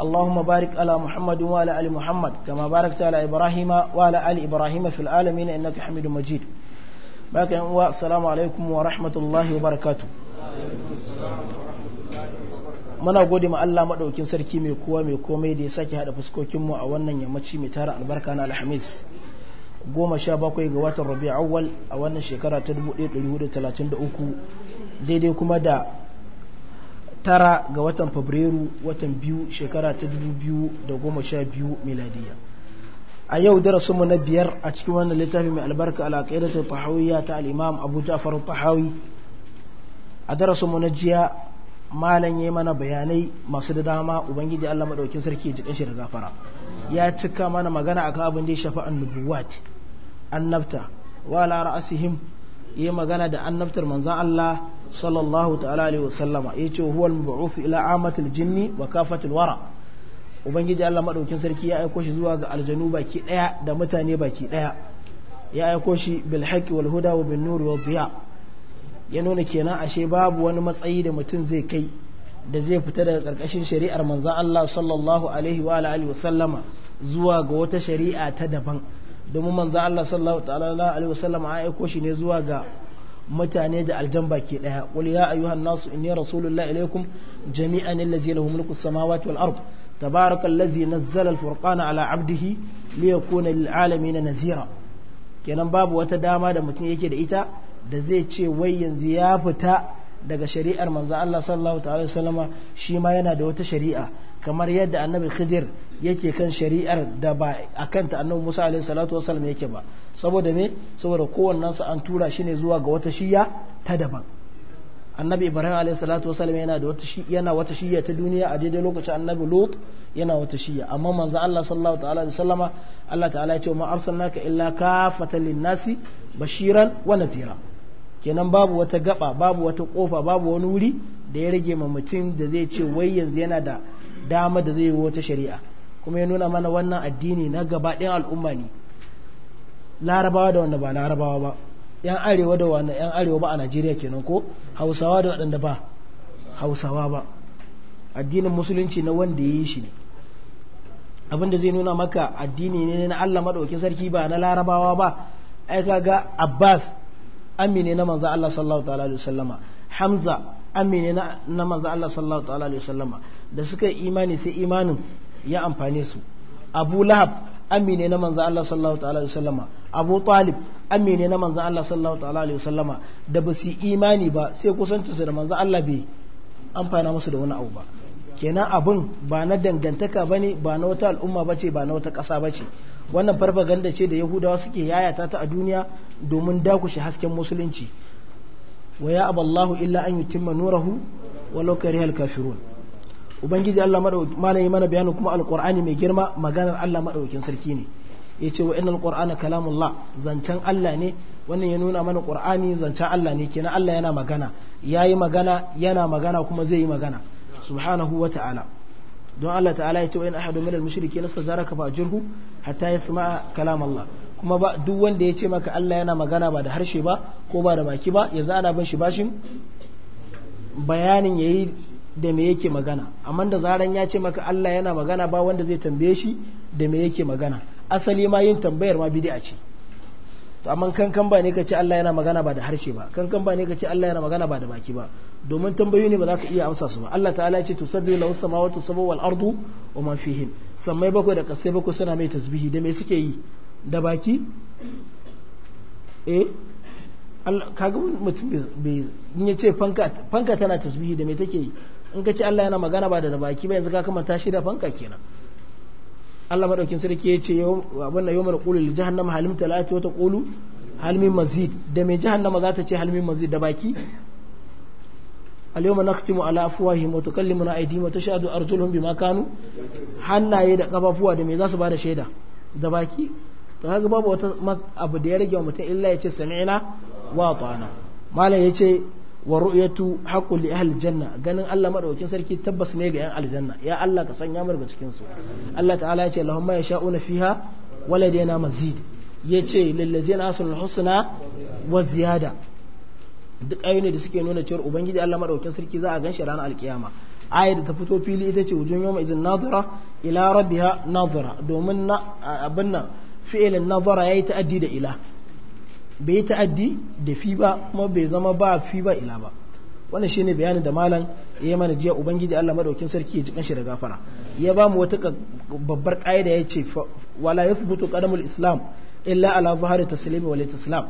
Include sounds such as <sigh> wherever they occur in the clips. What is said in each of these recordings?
اللهم بارك على محمد وعلى ال محمد كما باركت على ابراهيم وعلى ال ابراهيم في العالمين انك حميد مجيد باك السلام عليكم ورحمه الله وبركاته muna gode ma Allah madaukin sarki mai kowa mai komai da ya sake hada fuskokin mu a wannan yammaci mai tara albarka na alhamis goma sha bakwai ga watan rabi'awwal a wannan shekara ta 1433 daidai kuma da tara ga watan fabrairu watan biyu shekara ta dubu biyu da goma sha biyu miladiya a yau darasinmu na biyar a cikin wannan littafi mai albarka alaƙaidatar tahawiyya ta al'imam abu ja'far tahawi a darasinmu na jiya malam ya mana bayanai masu da dama ubangiji allah maɗauki sarki ji shi da gafara ya cika mana magana akan abin da ya shafi annubuwat annabta wa ala ra'asihim ya magana da annabtar manzan allah sallallahu ta'ala alaihi wasallama ya ce huwal mab'uf ila amatil jinni wa kafatil wara ubangiji Allah madaukin sarki ya aiko shi zuwa ga aljanu baki daya da mutane baki daya ya aiko shi bil haqqi wal huda wa bin nur wa dhiya ya nuna kenan ashe babu wani matsayi da mutum zai kai da zai fita daga karkashin shari'ar manzon Allah sallallahu alaihi wa alihi wasallama zuwa ga wata shari'a ta daban domin manzon Allah sallallahu ta'ala alaihi wasallama ya aiko shi ne zuwa ga mutane da aljan baki daya qul ya ayyuhan nasu inni rasulullahi ilaykum jami'an allazi lahu mulku samawati wal ard tabarakallazi nazzala al furqana ala abdihi liyakuna lil alamin nazira kenan babu wata dama da mutum yake da ita da zai ce wai yanzu ya fita daga shari'ar manzo Allah sallallahu ta'ala wasallama shi ma yana da wata shari'a kamar yadda annabi khidir yake kan shari'ar da ba a kanta annabi musa a. salatu wasalam yake ba saboda me saboda kowannen su an tura shi ne zuwa ga wata shiya ta daban annabi ibrahim a. salatu wasalam yana da wata shiya ta duniya a daidai lokacin annabi lut yana wata shiya amma manzo Allah sallallahu ta'ala alaihi Allah ta'ala ya ce ma arsalnaka illa kafatan linnasi bashiran wa nadhira kenan babu wata gaba babu wata kofa babu wani wuri da ya rage ma mutum da zai ce wai yanzu yana da dama da zai yi wata shari'a kuma ya nuna mana wannan addini na gaba al'umma ne larabawa da wanda ba larabawa ba yan arewa da wanda yan arewa ba a najeriya kenan ko hausawa da waɗanda ba hausawa ba addinin musulunci na wanda ya yi shi ne abinda zai nuna maka addini ne na allah maɗauki sarki ba na larabawa ba ai kaga abbas amine na manzo allah sallallahu ta'ala alaihi wasallama hamza amine na manzo allah sallallahu ta'ala alaihi wasallama da suka yi imani sai imanin ya amfane su abu lahab amine na manzan Allah sallallahu ta'ala alaihi wasallama abu talib amine na manzan Allah sallallahu ta'ala alaihi wasallama da ba su imani ba sai kusanci su da manzan Allah bai amfana musu da wani abu ba kenan abun ba na dangantaka ba ne ba na wata al'umma ba ce ba na wata ƙasa ba ce wannan farfaganda ce da yahudawa suke yayata ta a duniya domin dakushe hasken musulunci waya ya aballahu illa an yutimma nurahu walau karihal kafirun ubangiji Allah madaukakin malami mana bayanin kuma alqur'ani mai girma maganar Allah madaukakin sarki ne yace wa innal qur'ana kalamullah zancen Allah ne wannan ya nuna mana qur'ani zancen Allah ne kenan Allah yana magana yayi magana yana magana kuma zai yi magana subhanahu wa ta'ala don Allah ta'ala yace wa in ahadu minal mushrikeena istajaraka fa'jirhu hatta yasma'a kalam kuma ba duk wanda ya ce maka Allah yana magana ba da harshe ba ko ba da baki ba yanzu ana bin shi bashin bayanin yayi da me yake magana amma da zaran ya ce maka Allah yana magana ba wanda zai tambaye shi da me yake magana asali ma yin tambayar ma bid'a ce to amma kankan ba ne ka ce Allah yana magana ba da harshe ba kankan ba ne ka ce Allah yana magana ba da baki ba domin tambayoyi ne ba za ka iya amsa su ba Allah ta'ala ya ce tusabbihu lahu samawati sabu wal ardu wa ma fihim sammai bakwai da kasai bakwai suna mai tasbihi da me suke yi da baki eh Allah kaga mutum bai in ya ce fanka fanka tana tasbihi da me take yi in ka ci Allah yana magana ba da baki ba yanzu ka kamanta tashi da fanka kenan Allah madaukin sarki ya ce abin na yomar qulu lil jahannama halim talati wa taqulu halmin mazid da mai jahannama za ta ce halmin mazid da baki al-yawma nakhtimu ala afwahihim wa tukallimuna aydihim wa tashadu arjuluhum bima kanu hannaye da kafafuwa da me za su bada shaida da baki to haka babu wata abu da ya rage wa mutum illa ya ce sami'na wa ta'ana malam ya ce wa ru'yatu haqqul li ahli janna ganin Allah madaukakin sarki tabbas ne ga yan aljanna ya Allah ka sanya mu daga cikin su Allah ta'ala ya ce lahumma yasha'una fiha waladaina mazid yace lillazina asul husna wa ziyada duk ayoyi da suke nuna cewa ubangiji Allah madaukakin sarki za a ganshi ranar alkiyama ayi da ta fito fili ita ce wujun yawma idin nadhara ila rabbiha nadhara domin na abin nan fi'ilin nadhara yayi ta'addi da ila bai ta'addi da fi ba kuma bai zama ba fi ba ila ba wannan shine bayanin da malam ya mana jiya ubangiji Allah madaukin sarki ya ji kanshi da gafara ya ba mu wata babbar kaida ya ce wala yathbutu qadamul islam illa ala zahari taslimi wal taslam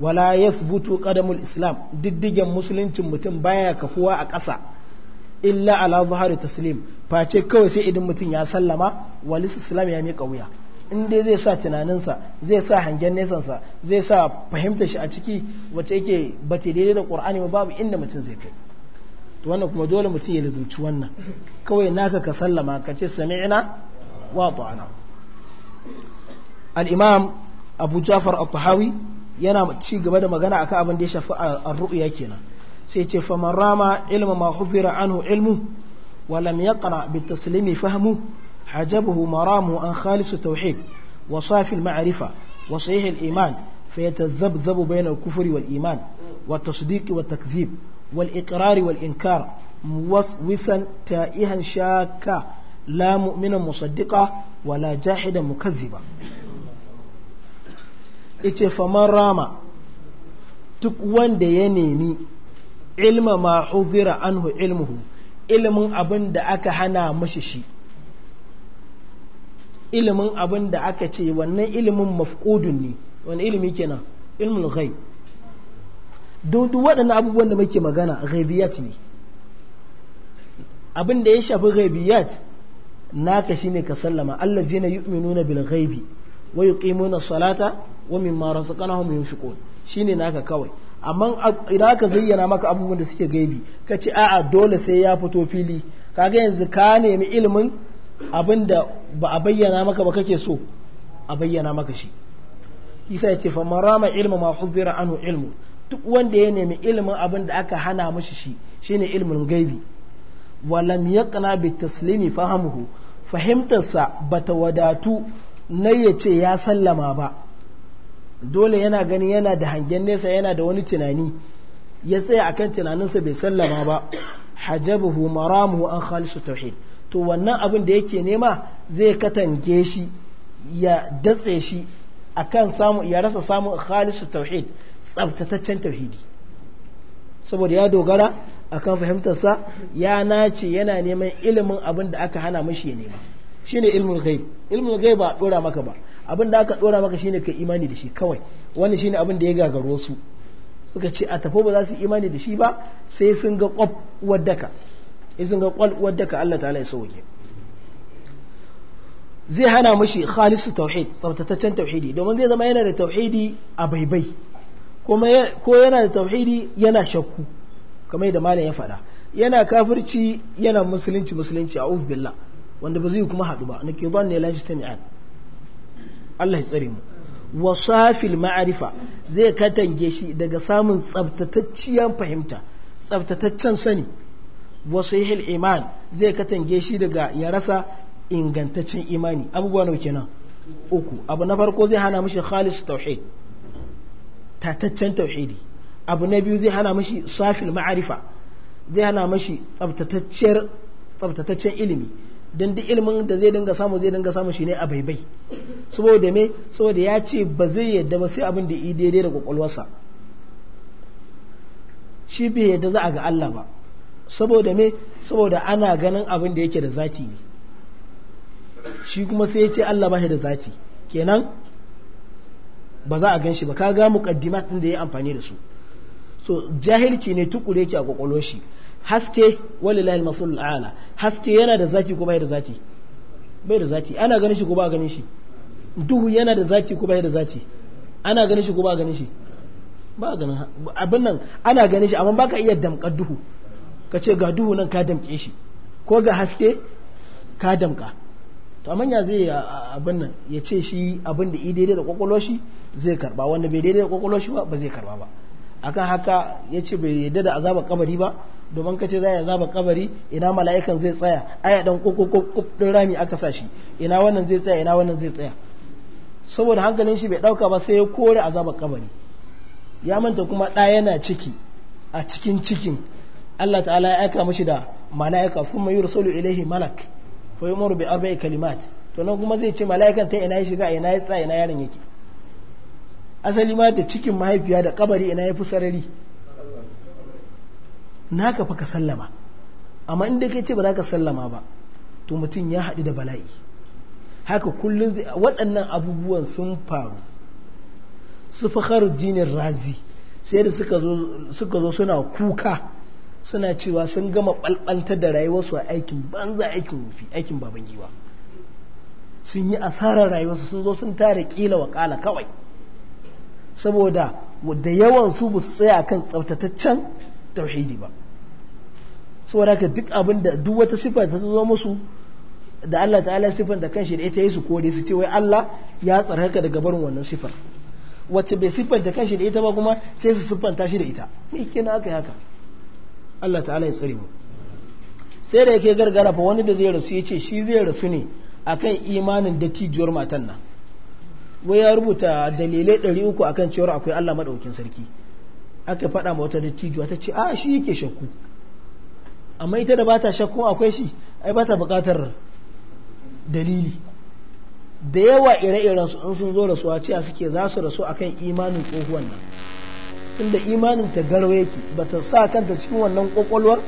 wala yathbutu qadamul islam diddigen musuluncin mutum baya kafuwa a ƙasa illa ala zahari taslim face kawai sai idan mutum ya sallama wal islam ya miƙa wuya in dai zai sa tunaninsa zai sa hangen nesansa zai sa fahimtar shi a ciki wacce yake ba ta daidai da ƙur'ani ba babu inda mutum zai kai to wannan kuma dole mutum ya lazumci wannan kawai naka ka sallama ka ce sami'ina wa ta'ana al-imam abu jafar at yana ci gaba da magana akan abin da ya shafi ar-ru'ya kenan sai ce faman rama ilma ma hufira anhu ilmu wa lam yaqra bi taslimi fahmu عجبه مرام عن خالص التوحيد وصافي المعرفة وصحيح الإيمان فيتذبذب بين الكفر والإيمان والتصديق والتكذيب والإقرار والإنكار موسوسا تائها شاكا لا مؤمنا مصدقا ولا جاحدا مكذبا ita faman rama duk wanda ya nemi ilma ma huzira anhu ilmuhu ilimin abin da aka hana mashi shi ilimin abin da aka ce wannan ilimin mafkudun ne wani ilimi kenan ilmul ghaib duk waɗannan abubuwan da muke magana ghaibiyat ne abin da ya shafi ghaibiyat naka shine ka sallama allazina yu'minuna bil ghaibi wa yuqimuna salata wa mimma razaqnahum yunfiqun shine naka kawai amma idan aka zayyana maka abubuwan da suke gaibi ka ce a'a dole sai ya fito fili kaga yanzu ka nemi ilimin Abin da ba a bayyana maka ba kake so a bayyana maka shi isa ya ce fa marama ilmu ma huzira anu ilmu duk wanda ya nemi ilmin abin da aka hana mashi shi shine ilmin gaibi wa walam yaqna bi taslimi fahamuhu fahimtarsa bata wadatu na ya ce ya sallama ba dole yana gani yana da hangen nesa yana da wani tunani ya tsaya akan tunaninsa bai sallama ba hajabuhu maramuhu an khalisu tauhid to wannan abin da yake nema zai katange shi ya datse shi akan samu ya rasa samun khalisu tauhid tsabtataccen tauhidi saboda ya dogara akan fahimtarsa ya nace yana neman ilimin abin da aka hana mashi ya nema shine ilmul ghaib ilmul ghaib ba dora maka ba abin da aka dora maka shine kai imani da shi kawai wani shine abin da ya gagaro su suka ce a tafo ba za su imani da shi ba sai sun ga kwaf uwar izin ga kwalwar da ka Allah ta'ala ya sauke zai hana mashi khalisu tauhid tsabtataccen tauhidi domin zai zama yana da tauhidi a baibai ko yana da tauhidi yana shakku kamar da malam ya faɗa yana kafirci yana musulunci musulunci a billah wanda ba zai kuma haɗu ba na ke ban ne lashi tami'an Allah ya tsare mu wasafil ma'arifa zai katange shi daga samun tsabtatacciyar fahimta tsabtataccen sani wasu yi iman zai katange shi daga ya rasa ingantaccen imani abubuwa nau kenan uku abu na farko zai hana mashi khalis tauhid tataccen tauhidi abu na biyu zai hana mashi safil ma'arifa zai hana mashi tsabtataccen ilimi don duk ilimin da zai dinga samu zai dinga samu shi ne a baibai saboda me saboda ya ce ba zai yadda ba sai abin da yi daidai da kwakwalwarsa shi bai yadda za a ga Allah ba saboda me saboda ana ganin abin da yake da zati ne shi kuma sai ya ce Allah ba shi da zati kenan ba za a gan shi ba ka ga muqaddimat din da ya amfani da su so jahilci ne tukure yake a kwakwalwar shi haske walilahi al ala haske yana da zati ko bai da zati? bai da zati? ana ganin shi ko ba ganin shi duhu yana da zati ko bai da zati ana ganin shi ko ba ganin shi ba ganin abin nan ana ganin shi amma baka iya damkar duhu ka ce ga duhu nan ka damke shi ko ga haske ka damka to amma ya zai abin nan ya ce shi abin da daidai da kwakwalwa shi zai karba wanda bai daidai da kwakwalwa shi ba ba zai karba ba akan haka ya ce bai yadda da azabar kabari ba domin ka ce za ya azabar kabari ina mala'ikan zai tsaya aya dan kokokokop din rami aka sa shi ina wannan zai tsaya ina wannan zai tsaya saboda hankalin shi bai dauka ba sai ya kore azabar kabari ya manta kuma ɗaya yana ciki a cikin cikin Allah ta'ala ya aika mashi da mala'ika thumma yursalu ilaihi malak fa yu'muru bi arba'i kalimat to nan kuma zai ce mala'ikan ta ina ya shiga ina ya tsaya ina yaron yake asali ma da cikin mahaifiya da kabari ina ya fi sarari naka fa ka sallama amma inda kai ce ba za ka sallama ba to mutum ya haɗu da bala'i haka kullum waɗannan abubuwan sun faru su fakhar razi sai da suka zo suna kuka suna cewa sun gama balbanta da rayuwarsu a aikin banza aikin rufi aikin baban sun yi asarar rayuwarsu sun zo sun tare kila wa kala kawai saboda da yawan su ba tsaya kan tsaftataccen tauhidi ba saboda haka duk abin da duk wata sifa ta zo musu da Allah ta'ala sifan da kanshi da ita yi su kore su ce wai Allah ya tsarkaka daga barin wannan sifar wacce bai da kanshi da ita ba kuma sai su siffanta shi da ita me kina aka yi haka Allah ta'ala ya tsari mu sai da yake gargara fa wani da zai rasu ya ce shi zai rasu ne akan imanin dattijuwar matan nan wai ya rubuta dalilai 300 akan cewar akwai Allah madaukin sarki aka faɗa ma wata dattijuwa ta ce a shi yake shakku amma ita da ba ta shakku akwai shi ai ba ta buƙatar dalili da yawa ire-iren su sun zo rasuwa cewa suke za su rasu akan imanin tsohuwan nan tunda imanin ta garwa yake ta sa kanta cikin wannan kwakwalwar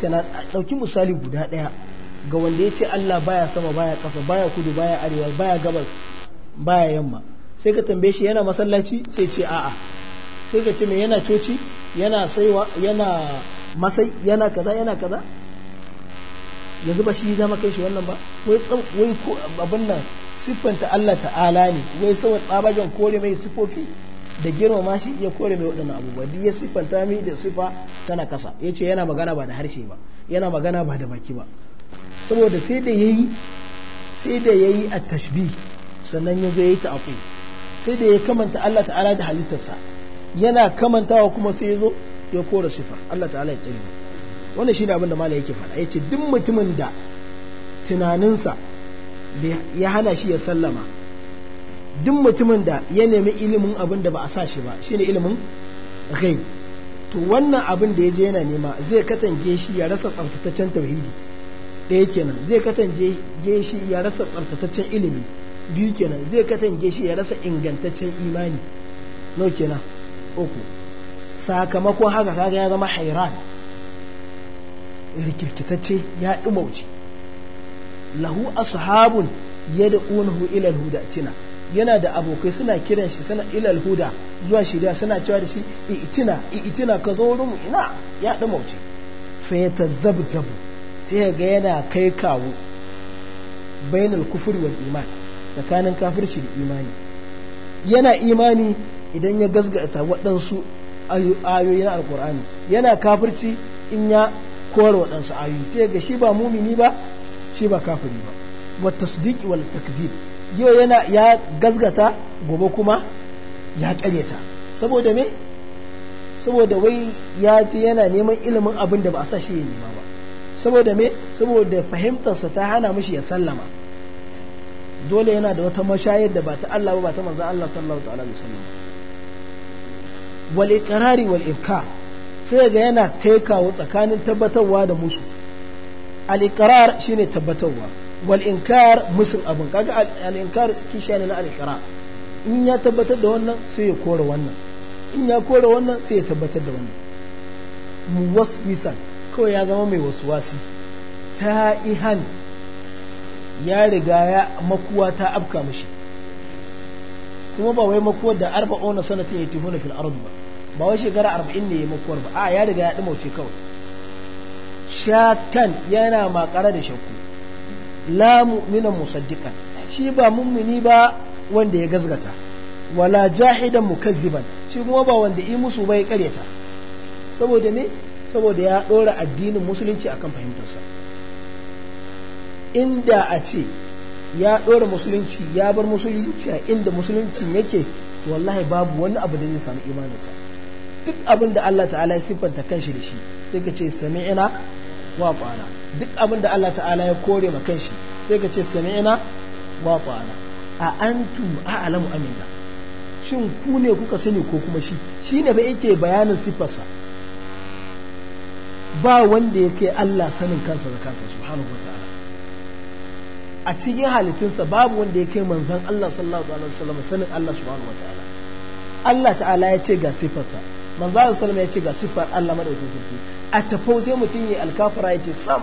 tana dauki misali guda ɗaya. ga wanda ya ce Allah baya sama baya kasa baya kudu baya arewa baya gabas baya yamma sai ka tambaye shi yana masallaci sai ce a'a sai ka ce me yana coci yana saiwa yana masai yana kaza yana kaza yanzu ba shi zama kai shi wannan ba wai wai abin nan siffanta Allah ta'ala ne wai saboda tsabagen kore mai sifofi da girmama shi ya kore mai waɗannan abubuwa duk ya siffanta mi da siffa tana kasa ya ce yana magana ba da harshe ba yana magana ba da baki ba saboda sai da ya yi sai da ya yi a tashbi sannan ya zo ya yi ta aku sai da ya kamanta Allah ta'ala da halittarsa yana kamantawa kuma sai ya zo ya kore siffa Allah ta'ala ya tsare wannan shine abin da malai yake faɗa ce duk mutumin da tunaninsa ya hana shi ya sallama duk mutumin da ya nemi ilimin abin da ba a sa shi ba shi ne ilimin ghaib to wannan abin da ya je yana nema zai katange shi ya rasa tsaftataccen tauhidi ɗaya kenan zai katange shi ya rasa tsaftataccen ilimi biyu kenan zai katange shi ya rasa ingantaccen imani nau kenan uku sakamakon haka kaga ya zama hairan rikirkitacce ya ɗumauce lahu ashabun ƙunahu ilal huda cina. yana da abokai suna kiran shi sana ilal huda zuwa shirya suna cewa da shi i'tina i'tina ka zo wurin mu ina ya da mauci fa ya tazabzabu sai ya ga yana kai kawo bainal kufur wal iman tsakanin kafirci da imani yana imani idan ya gazgata waɗansu ayoyin alkur'ani yana kafirci in ya kowar waɗansu ayoyi sai ga shi ba mumini ba shi ba kafiri ba wa tasdiq wal takdib yau yana ya gazgata gobe kuma ya karyata saboda me saboda wai ya ti yana neman ilimin abin da ba a sa shi ya nema ba saboda me saboda fahimtarsa ta hana mishi ya sallama dole yana da wata mashayar da ba ta Allah ba ta manzon Allah sallallahu alaihi wasallam wal iqrari wal sai ga yana kai kawo tsakanin tabbatarwa da musu al iqrar shine tabbatarwa Wal'inkar inkar musul abin kaga al inkar na al in ya tabbatar da wannan sai ya kora wannan in ya kora wannan sai ya tabbatar da wannan mu waswisan kawai ya zama mai wasu wasi ta ihan ya riga ya makuwa ta afka mishi kuma ba wai makuwar da arba'una sanatin ya tufuna fil ardi ba ba wai shekara arba'in ne ya makuwar ba a ya riga ya dumauce kawai shakan yana makara da shakku la mu'minan musaddiqan shi ba mumini ba wanda ya gazgata wala jahidan mukazziban shi kuma ba wanda yi musu bai karyata saboda ne saboda ya dora addinin musulunci akan fahimtarsa inda a ce ya dora musulunci ya bar musulunci a inda musulunci yake wallahi babu wani abu da zai samu imaninsa duk abin da Allah ta'ala ya siffanta kanshi da shi sai ka ce sami'ina wa qala duk abin da Allah ta'ala ya kore ma kanshi sai ka ce sami'na wa ta'ala a antum a'lamu amina shin ku ne kuka sani ko kuma shi shine ba yake bayanin sifarsa ba wanda ya kai Allah sanin kansa da kansa subhanahu wa ta'ala a cikin halittunsa babu wanda ya kai manzon Allah sallallahu alaihi wasallam sanin Allah subhanahu wa ta'ala Allah ta'ala ya ce ga sifarsa manzo sallallahu alaihi wasallam ya ce ga sifar Allah madaukakin sarki a tafau sai mutum ya alkafara yake sam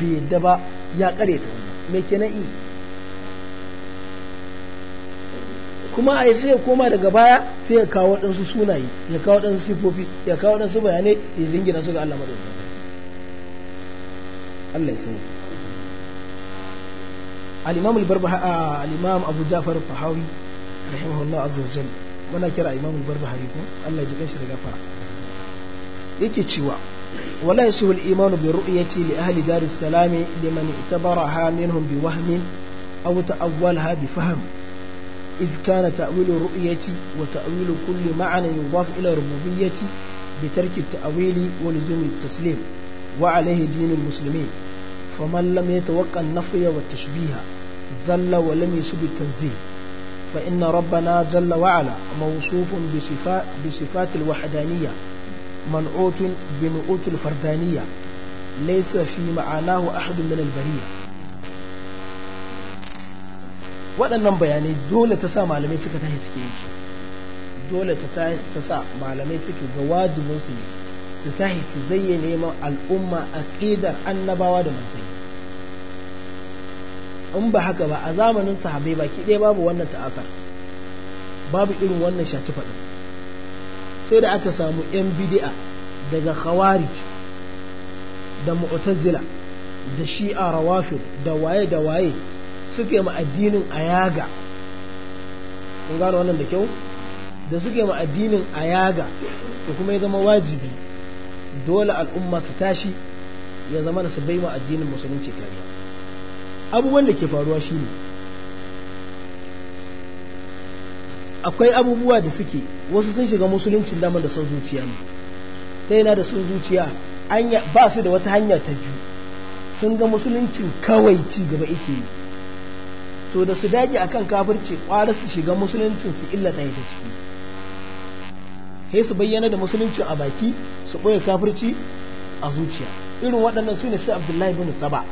bai yadda ba ya kare ta wannan me kenan kuma a sai ya koma daga baya sai ya kawo waɗansu sunaye ya kawo waɗansu sifofi ya kawo waɗansu bayanai ya zingina su ga Allah madaukakin sarki Allah ya sauke al-imam al alimam al-imam Abu Ja'far al-Tahawi rahimahullah azza wa jalla muna kira imam al-barbahari ko Allah ya ji kanshi da yake cewa ولا يسوء الإيمان برؤية لأهل دار السلام لمن اعتبرها منهم بوهم أو تأولها بفهم إذ كان تأويل الرؤية وتأويل كل معنى يضاف إلى الربوبية بترك التأويل ولزوم التسليم وعليه دين المسلمين فمن لم يتوقع النفي والتشبيه زل ولم يسب التنزيه فإن ربنا جل وعلا موصوف بصفات, بصفات الوحدانية منعوت بنعوت الفردانية ليس في معناه أحد من البرية waɗannan bayanai dole ta sa malamai suka tashi suke yi dole ta sa malamai suke ga wajibin su ne su tahi su zayyane ma al'umma aqidar annabawa da manzanni in ba haka ba a zamanin sahabbai baki ɗaya babu wannan ta'asar babu irin wannan shaci faɗin sai da aka samu 'yan bidi'a daga khawarij da mu'tazila da shi'a rawafin da waye da waye suke ma addinin ayaga kun gano wannan da kyau da suke ma addinin ayaga da kuma ya zama wajibi dole al'umma su tashi ya zama da su bai ma addinin musulunci kariya abubuwan da ke faruwa shine akwai abubuwa da suke wasu sun shiga musuluncin daman da son zuciya ne ta yana da son zuciya ba su da wata hanya ta biyu sun ga musuluncin kawai ci gaba ike yi to da su dage akan kafirci kwara su shiga musuluncin su illa ta ta ciki sai su bayyana da musuluncin a baki su ɓoye kafirci a zuciya irin waɗannan su ne sai abdullahi bin saba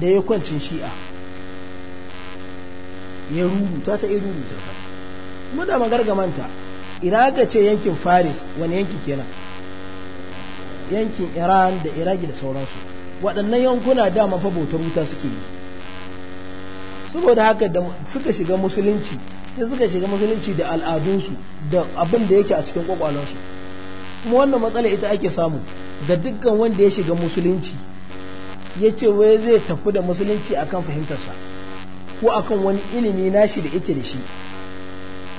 da ya kwancin shi'a ya rubuta ta ya rubuta ta mu da magargamanta ina aka ce yankin faris wani yanki kenan yankin iran da iraki da sauransu waɗannan yankuna dama fa bautar wuta suke yi saboda haka da suka shiga musulunci sai suka shiga musulunci da al'adunsu da abin da yake a cikin kwakwalansu kuma wannan matsala ita ake samu ga dukkan wanda ya shiga musulunci ya ce wai zai tafi da musulunci akan fahimtarsa ko akan wani ilimi nashi da yake da shi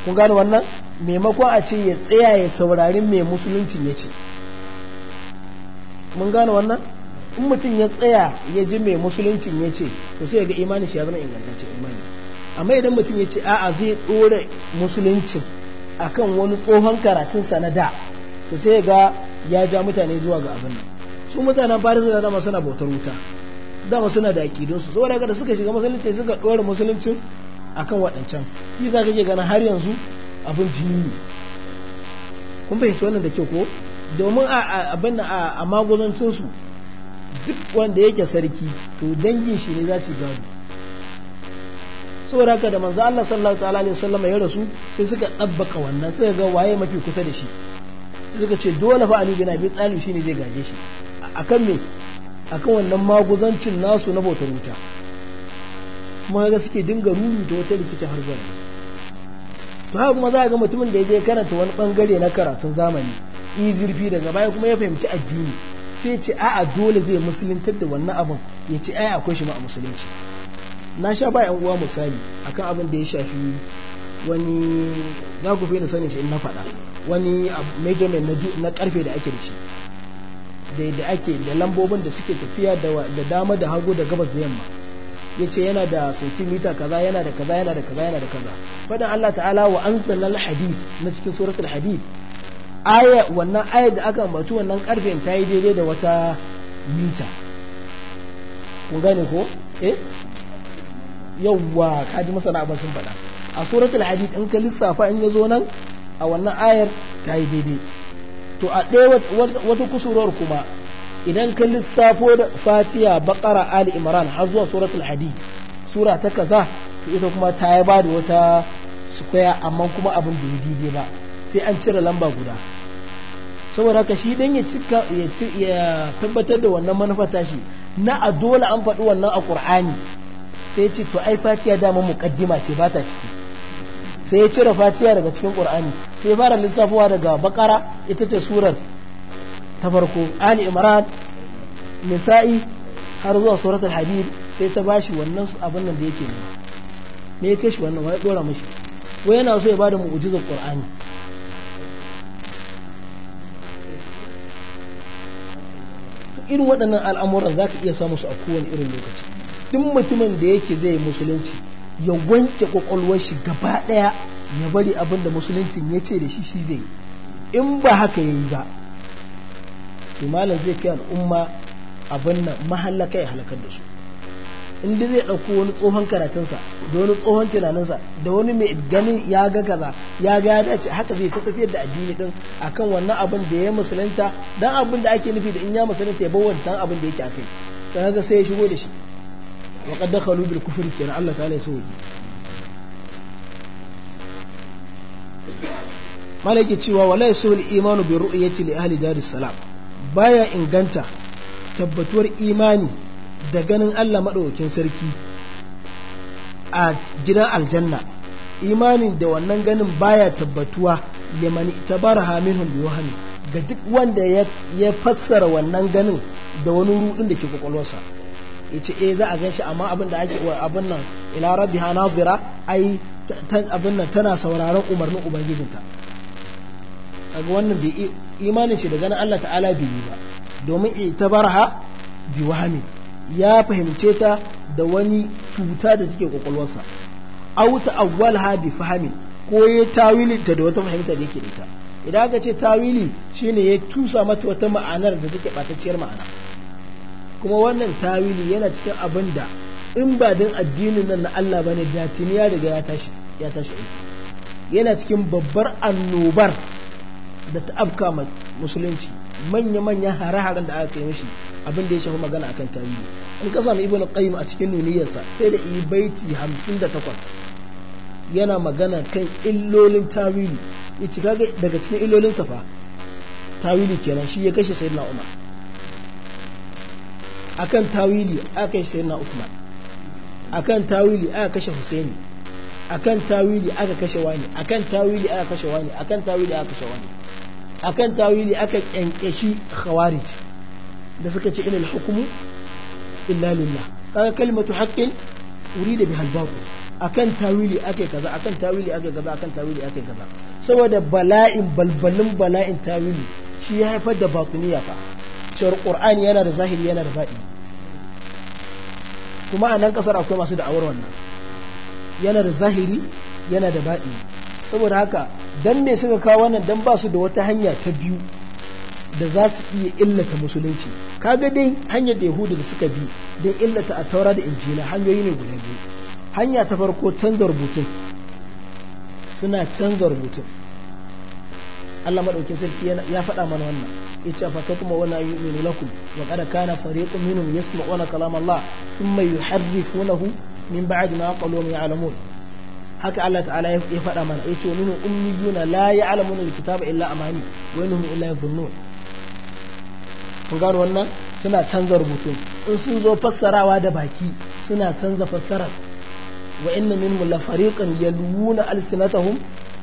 kun gane wannan maimakon a ce ya tsaya ya saurari mai musuluncin ya ce mun gane wannan in mutum ya tsaya ya ji mai musuluncin ya ce to sai ga imanin shi ya zama ingantaccen imani amma idan mutum ya ce a'a zai dora musuluncin akan wani tsohon karatunsa na da to sai ga ya ja mutane zuwa ga abin nan su mutanen farisa da dama suna bautar wuta dama suna da akidunsu saboda ga da suka shiga musulunci suka dora musuluncin akan waɗancan shi za ka ke ganin har yanzu abin jini ne kun fahimci wannan da ke ko domin abin a magozancinsu duk wanda yake sarki to dangin shi ne za su gado saboda haka da manzo Allah sallallahu ta'ala alaihi wasallam ya rasu sai suka tsabbaka wannan sai ga waye mafi kusa da shi suka ce dole fa Ali bin Abi Talib shine zai gaje shi akan me akan wannan maguzancin nasu na bautar wuta kuma ga suke dinga ta wata rikici har zuwa to haka kuma za ga mutumin da ya je karanta wani bangare na karatun zamani in zurfi daga baya kuma ya fahimci addini sai ce a'a dole zai musuluntar da wannan abin ya ce ai akwai shi ma a musulunci na sha ba yan uwa misali akan abin da ya shafi wani za ku fi da sanin shi in na faɗa wani measurement na karfe da ake da shi da ake da lambobin da suke tafiya da dama da hagu da gabas da yamma yace yana da sentimita kaza yana da kaza yana da kaza yana da kaza fadan Allah ta'ala wa anzalal hadith na cikin suratul hadith. aya wannan aya da aka ambatu wannan karfen ta yi daidai da wata mita kun gane ko eh yawwa kaji masana abin sun faɗa a suratul hadith in ka lissafa in zo nan a wannan ayar ta yi daidai to a ɗaya wata kusurwar kuma idan ka lissafo da fatiya bakara ali imran har zuwa suratul hadi sura ta kaza ita kuma ta yi ba da wata sukwaya amma kuma abin da daidai ba sai an cire lamba guda saboda haka shi dan ya cika ya tabbatar da wannan manufa tashi na a dole an faɗi wannan a qur'ani sai ce to ai fatiya dama muqaddima ce ba ta ciki sai ya cire fatiya daga cikin qur'ani sai fara lissafowa daga bakara ita ce surar ta farko ali imran nisa'i har zuwa suratul hadid sai ta bashi wannan abin nan da yake ne ne ya kashi wannan wani dora mashi wai yana so ya bada mu'jizar qur'ani irin waɗannan al'amuran za ka iya samu su a kowane irin lokaci duk mutumin da yake zai musulunci ya wanke kwakwalwar shi gaba ɗaya ya bari abin da musuluncin ya ce da shi shi zai in ba haka ya yi ba to malam zai kai al'umma abin nan mahallaka ya halakar da su in zai ɗauko wani tsohon karatunsa da wani tsohon tunaninsa da wani mai ganin ya ga kaza ya ga ya dace haka zai ta tafiyar da addini din akan wannan abin da ya musulunta dan abin da ake nufi da in ya musulunta ya bar wannan abin da yake akai dan ga sai ya shigo da shi wa qad dakhalu bil kufri kenan Allah ta'ala ya sauki malaki cewa wala yasul imanu bi ru'yati li ahli daris salam baya inganta tabbatuwar imani da ganin Allah maɗaukin sarki a gidan aljanna imani da wannan ganin baya tabbatuwa liman tabaraha minhum biwahmi ga duk wanda ya fassara wannan ganin da wani rudin da ke kwakwalwarsa ce eh za a shi amma abin da ake wa abin nan ila rabbiha nazira ai abin nan tana sauraron umarnin ubangijinta kaga wannan bai imanin shi da ganin Allah ta'ala bai yi ba domin itabarha bi wahmi ya fahimce ta da wani cuta da take kwakwalwarsa aw ta'awwalha bi fahmi ko ya tawili ta da wata fahimta da yake da ita idan aka ce tawili shine ya tusa mata wata ma'anar da take batacciyar ma'ana kuma wannan tawili yana cikin abinda in ba din addinin nan na Allah bane da tiniya daga ya tashi ya tashi yana cikin babbar annobar da ta afka musulunci manya-manya hare-haren da aka kai mishi abin da ya shafi magana akan tarihi in ka samu ibnu qayyim a cikin nuniyarsa sai da baiti takwas yana magana kan illolin tawili yace kaga daga cikin illolin safa fa tawili kenan shi ya kashe sayyidina umar akan tawili aka kashe sayyidina usman akan tawili aka kashe husaini akan tawili aka kashe wani akan tawili aka kashe wani akan tawili aka kashe wani akan tawili aka kyankyashi khawarij da suka ce inal hukumu illa lillah kaga kalmatu haqqin urida bihal batil akan tawili ake kaza akan tawili ake kaza akan tawili ake kaza saboda bala'in balbalin bala'in tawili shi ya haifar da batiniya fa cewar qur'ani yana da zahiri yana da baɗi kuma a nan kasar akwai masu da'awar wannan yana da zahiri yana da baɗi saboda haka dan mai suka kawo wannan dan ba su da wata hanya ta biyu da za su iya illata musulunci kaga dai hanyar da yahudu da suka bi don illata a taura da injila hanyoyi ne guda biyu hanya ta farko canza rubutun suna canza rubutun Allah maɗaukin sarki ya faɗa mana wannan yace fa katuma wala yu'minu lakum wa qad kana fariqun minhum yasma'una kalam Allah thumma yuharrifunahu min ba'di ma qalu ya'lamun haka Allah ta'ala ya faɗa mana yace wa minhum ummiyuna la alamu ya'lamuna ba illa amani wani ne illa yadhunnun kun gano wannan suna canza rubutu in sun zo fassarawa da baki suna canza fassarar wa inna minhum la fariqan yalwuna alsinatahum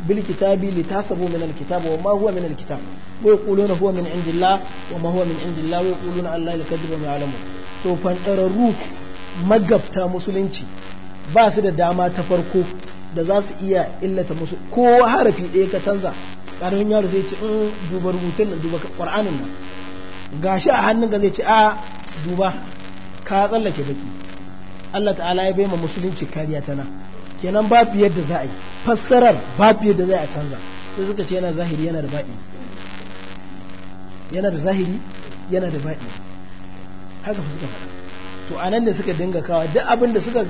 bil kitabi litasabu min alkitabi wa ma huwa min alkitab wa yaquluna huwa min indillah wa ma huwa min indillah wa yaquluna allahi al-kadhibu wa ya'lamu to fandararru magabta musulunci ba su da dama ta farko da za su iya illata musu kowa harafi ɗaya ka canza ƙarfin yaro zai ce in mm, duba rubutun nan duba ƙwar'anin nan gashi a hannun ka zai ce a duba ka tsallake baki Allah ta'ala ya baima musulunci kariya tana kenan ba fiye da za a yi fassarar ba fiye da za a canza sai suka ce yana zahiri yana da baɗi yana da zahiri yana da baɗi haka suka faɗa to anan da suka dinga kawa duk abin da suka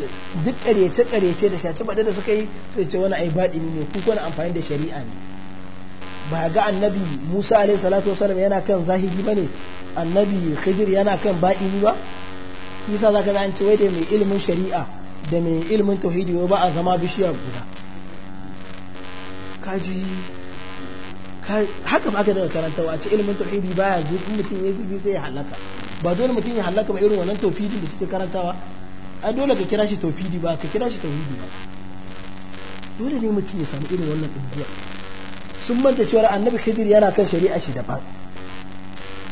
duk karyace karyace da shaci bada da suka yi sai ce wani ai baɗi ne ku kuna amfani da shari'a ne ba ga annabi Musa alayhi salatu wasallam yana kan zahiri bane annabi Khidir yana kan baɗi ba Musa zaka ga an ce wai da mai ilimin shari'a da mai ilimin tauhidi ba a zama bishiya guda kaji haka ba ka daga karantawa a ce ilimin tauhidi baya zuwa mutum ya zubi sai ya halaka ba dole mutum ya halaka mai irin wannan tofidi da suke karantawa ai dole ka kira shi tofidi ba ka kira shi tauhidi ba dole ne mutum ya samu irin wannan ɗungiya sun manta cewa annabi khidir yana kan shari'a shi daban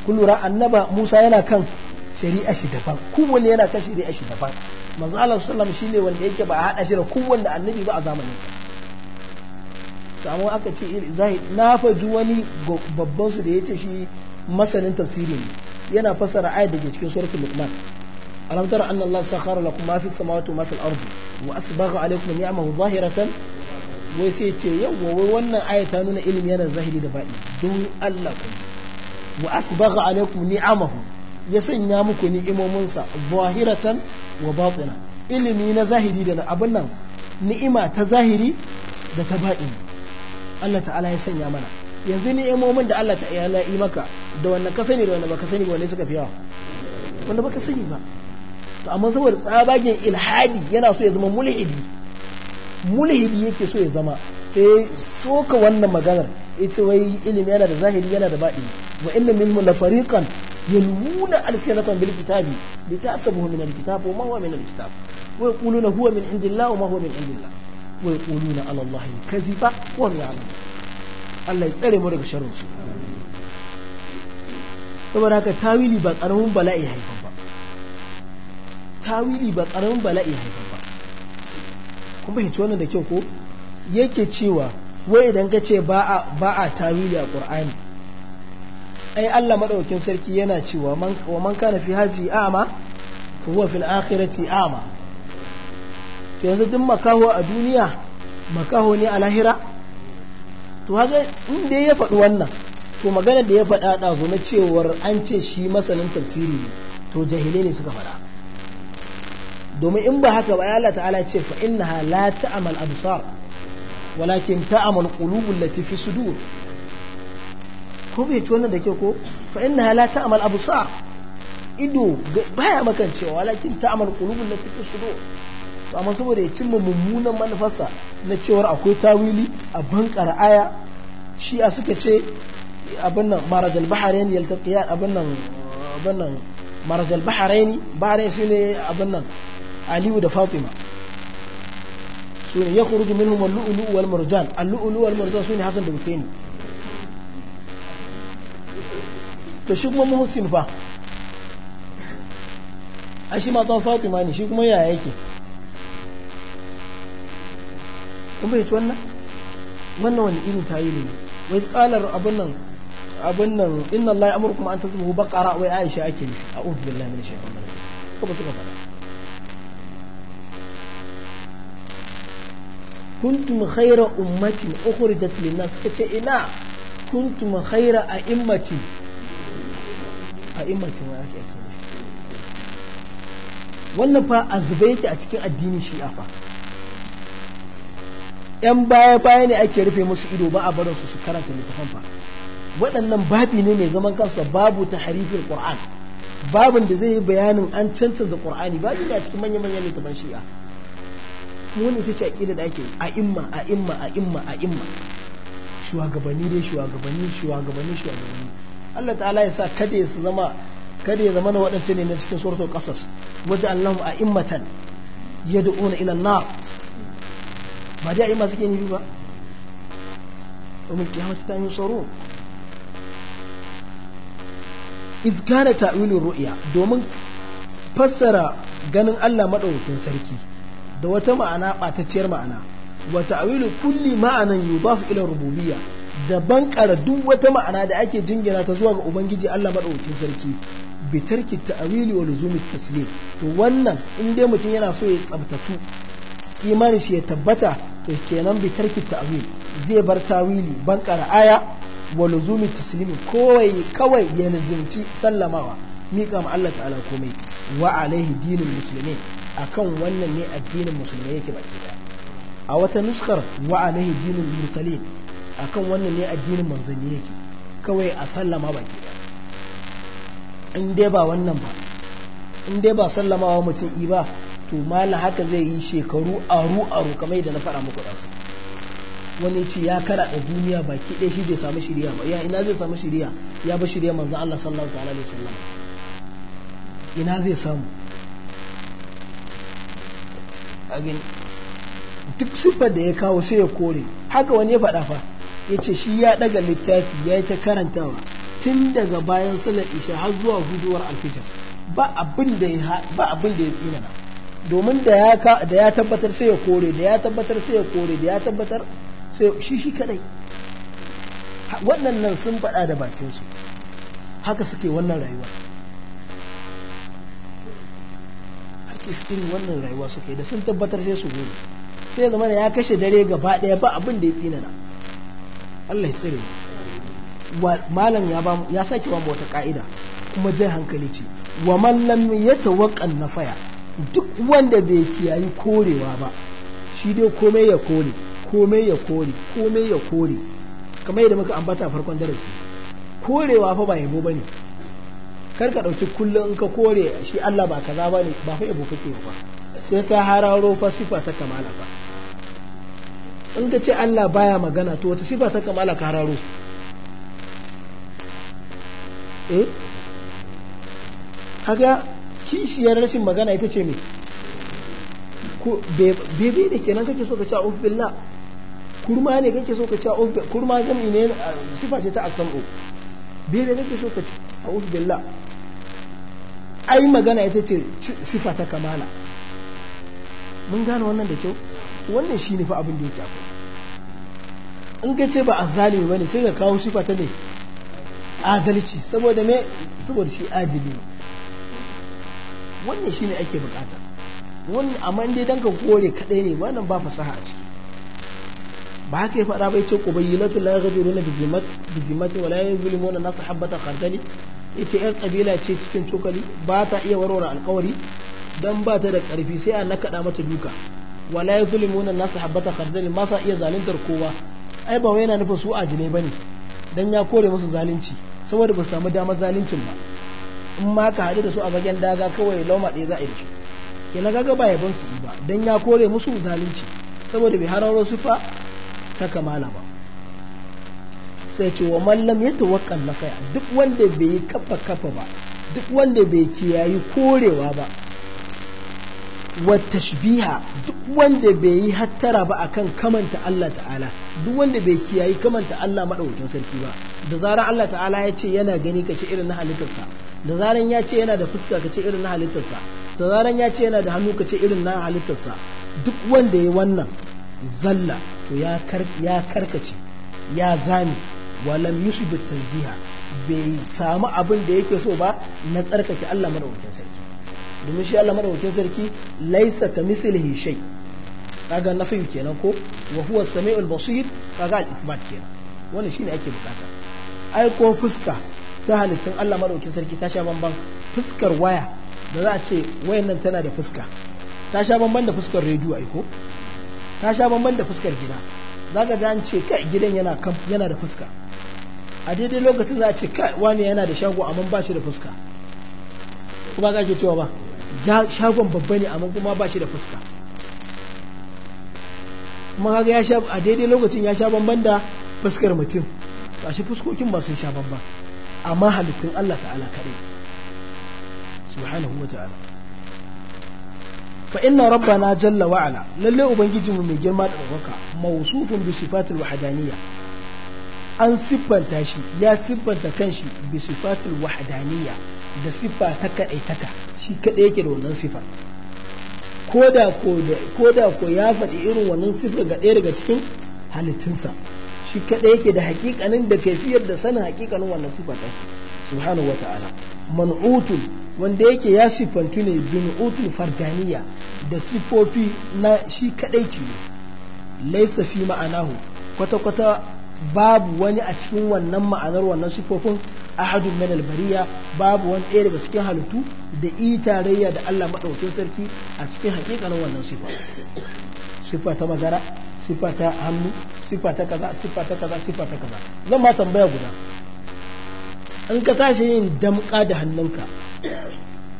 kun lura annaba musa yana kan shari'a shi daban kowanne yana kan shari'a shi daban manzo Allah sallallahu alaihi shine wanda yake ba a hada shi da kowanne annabi ba a zamanin sa to aka ce zai na faji wani babban su da yace shi masanin tafsiri ne yana fassara ayat da ke cikin suratul luqman alam tara anna allaha sakhara lakum ma fis samawati wa ma fil ardi wa asbagha alaykum ni'amahu zahiratan wai sai ce yawwa wai wannan aya ta nuna ilimi yana zahiri da baɗi don Allah ku wa asbagha alaikum ni'amahu ya sanya muku ni'imominsa zahiratan wa batina ilimi na zahiri da abin nan ni'ima ta zahiri da ta baɗi Allah ta'ala ya sanya mana yanzu ni'imomin da Allah ta'ala yi maka da wannan ka sani da wanda baka sani ba wanne suka fi yawa wanda baka sani ba to amma saboda tsabagen ilhadi yana so ya zama mulhidi mulhidi yake so ya zama sai soka wannan maganar ita wai ilimi yana da zahiri yana da baɗi wa inna minhum la fariqan yalwuna alsinatan bil kitabi litasabuhu min al kitab wa ma huwa min al kitab wa yaquluna huwa min indillah wa ma huwa min indillah wa yaquluna ala allahi kadhiba wa ya'lamun Allah ya tsare mu daga sharrin su saboda haka tawili ba karamin bala'i haifar ba tawili ba karamin bala'i haifar ba kun fahimci wannan da kyau ko yake cewa wai idan ka ce ba a tawili a ƙur'ani ai Allah maɗaukin sarki yana cewa wa man kana fi hazi ama a huwa fil akhirati ama yanzu duk makaho a duniya makaho ne a lahira to haka in dai ya faɗi wannan to magana da ya faɗa ɗazu na cewar an ce shi masanin tafsiri ne to jahilai ne suka faɗa domin in ba haka ba ya Allah ta'ala ce fa ha la ta'mal absar walakin ta'mal qulubul lati fi sudur ko bai ci wannan da ke ko fa ha la ta'mal absar ido baya makancewa walakin ta'mal qulubul lati fi sudur to amma saboda ya cimma mummunan manufarsa na cewar akwai tawili a bankar aya shi a suka ce abin nan marajal bahrain yalta abin nan abin nan marajal bahrain bahrain shine abin nan aliyu da fatima sune ya khuruju minhum al-lu'lu wal marjan al-lu'lu wal marjan sune hasan da husaini to shi kuma muhsin fa a shi ma tsan fatima ne shi kuma ya yake kuma bai ci wannan wannan wani irin tayi ne wai tsalar abin nan abin nan inna Allah ya amurkum an tasbuhu baqara wai Aisha ake ne a uzu billahi min shaytan rajim kuma suka fada kuntum khayra ummatin ukhrijat lin-nas kace ina kuntum khayra a'immatin a'immatin wa ake ake wannan fa azubaiti a cikin addinin shi'a fa yan baya baya ne ake rufe musu ido ba a barin su su karanta littafin fa waɗannan babi ne mai zaman kansa babu ta harifin ƙur'an babin da zai yi bayanin an cancanta ƙur'ani babi ne a cikin manya manya manyan littafan shi'a wani ita ce aƙida da ake a imma a imma a imma a imma shugabanni dai shugabanni shugabanni shugabanni Allah ta'ala ya sa kada ya zama kada ya zama na waɗance ne na cikin suratul qasas waje Allahu a immatan yad'una ila an-nar ba dai a imma suke nufi ba ومن قيامة تنصرون iz kana ta'wilur ru'ya domin fassara ganin Allah madaukakin sarki da wata ma'ana batacciyar ma'ana wa ta'wilu kulli ma'anan yudaf ila rububiyya da bankara duk wata ma'ana da ake jingina ta zuwa ga ubangiji Allah madaukakin sarki bi tarki ta'wili wa luzumi taslim to wannan in dai mutum yana so ya tsabtatu imanin shi ya tabbata to kenan bi tarki ta'wil zai bar tawili bankara aya wa luzumi taslimi kawai kawai ya lazimci sallamawa miƙa ma Allah ta'ala komai wa alaihi dinin musulmi kan wannan ne a dinin musulmi yake baki da a wata nuskar wa alaihi dinin a kan wannan ne a dinin manzanni yake kawai a sallama baki da. in dai ba wannan ba in dai ba sallamawa mutum i ba to na haka zai yi shekaru aru aru kamai da na faɗa muku ɗansu wani ce ya kara da duniya baki ɗaya shi bai samu shiriya ba ya ina zai samu shiriya ya bi shiriya manzo Allah sallallahu alaihi wasallam ina zai samu agin duk siffar da ya kawo sai ya kore haka wani ya faɗa fa ya ce shi ya ɗaga littafi ya yi ta karantawa tun daga bayan salar isha har zuwa guduwar alfijar ba abin da ya tsinana domin da ya tabbatar sai ya kore da ya tabbatar sai ya kore da ya tabbatar sai shi shi kadai wannan nan sun faɗa da bakinsu haka suke wannan rayuwa haka suke wannan rayuwa suke da sun tabbatar sai su gudu sai zama da ya kashe dare gaba daya ba abin da ya tsinana Allah ya tsire malam ya ba ya sake wata ka'ida kuma jai hankali ce wa man tawakan na faya duk wanda bai kiyayi korewa ba shi dai komai ya kore komai ya kore komai ya kore kamar yadda muka ambata a farkon darasi korewa fa ba yabo bane kar ka dauki kullum in ka kore shi Allah ba kaza bane ba fa yabo kake ba sai ka hararo fa sifa ta kamala fa in ka ce Allah baya magana to wata sifa ta kamala ka hararo eh kaga kishiyar rashin magana ita ce me ko bebe da kenan kake so ka ce a'udhu billah kurma ne kake so ka ci a a'udhu kurma jam'i ne a ce ta as-sam'u bebe kake so ka ci a a'udhu a ai magana ita ce sifa ta kamala mun gane wannan da kyau wannan ne fa abin da yake akwai in ka ce ba a ba ne sai ka kawo sifa ta ne adalci saboda me saboda shi adili wannan ne ake bukata wannan amma dai dan ka kore kadai ne wannan ba fasaha a ciki ba haka ya faɗa bai ce ƙubayilatu la yaghdiru na bizimati wala zulmi na nasu habbata khardali yace yan kabila ce cikin cokali ba ta iya warware alƙawari dan ba ta da ƙarfi sai a nakaɗa mata duka wala zulmi na nasu habbata khardali ma sa iya zaluntar kowa ai ba wai yana nufin su ajine bane dan ya kore musu zalunci saboda ba samu damar zaluncin ba in ma ka haɗu da su a bagen daga kawai lauma ɗaya za a yi da shi kenan gaga ba yabon su ba dan ya kore musu zalunci saboda bai hararo su fa ta kamala ba sai ce wa mallam ya tawakkal na faya duk wanda bai yi kafa kafa ba duk wanda bai kiyayi korewa ba wa tashbiha duk wanda bai yi hattara ba akan kamanta Allah ta'ala duk wanda bai kiyayi kamanta Allah madaukakin sarki ba da zarar Allah ta'ala ya ce yana gani kace irin na halittarsa da zarar ya ce yana da fuska kace irin na halittarsa da zarar ya ce yana da hannu kace irin na halittarsa duk wanda ya wannan zalla to ya karkace ya zami walam yusuf tanziha bai samu abin da yake so ba na tsarkake Allah madaukakin sarki domin shi Allah madaukakin sarki laisa ka mislihi shay kaga nafi kenan ko wa huwa samiul basir kaga al ikmat kenan wannan shine ake bukata ai ko fuska ta halittun Allah madaukakin sarki ta sha bamban fuskar waya da za a ce wayan nan tana da fuska ta sha bamban da fuskar rediyo ai ko ta sha bamban da fuskar gida za ka ga an ce kai gidan yana yana da fuska a daidai lokacin za a ce kai wani yana da shago amma ba shi da fuska kuma za ke cewa ba shagon babba ne amma kuma ba shi da fuska kuma haka ya sha a daidai lokacin ya sha bamban da fuskar mutum ba shi fuskokin ba sun sha bamban amma halittun Allah ta'ala kaɗai subhanahu wa ta'ala fa inna rabbana jalla wa ala lalle mu mai girma da ɗaukaka mawsufun bi sifatil wahdaniyya an siffanta shi ya siffanta kanshi bi sifatil wahdaniyya da siffa ta taka shi kaɗai yake da wannan koda ko da ko ya faɗi irin wannan siffa ga ɗaya daga cikin halittunsa shi kaɗai yake da hakikanin da kaifiyar da sanin hakikanin wannan siffa ta subhanahu wata'ala man'utun wanda yake ya siffantu ne binutul utul fardaniya da sifofi na shi kadai ce laisa fi ma'anahu kwata-kwata babu wani a cikin wannan ma'anar wannan sifofin ahadun min albariya babu wani ɗaya daga cikin halittu da i tarayya da Allah maɗaukin sarki a cikin hakikanin wannan sifa sifa ta magara sifa ta hannu sifa ta kaza sifa ta kaza sifa ta kaza zan ma tambaya guda in ka tashi yin damka da hannunka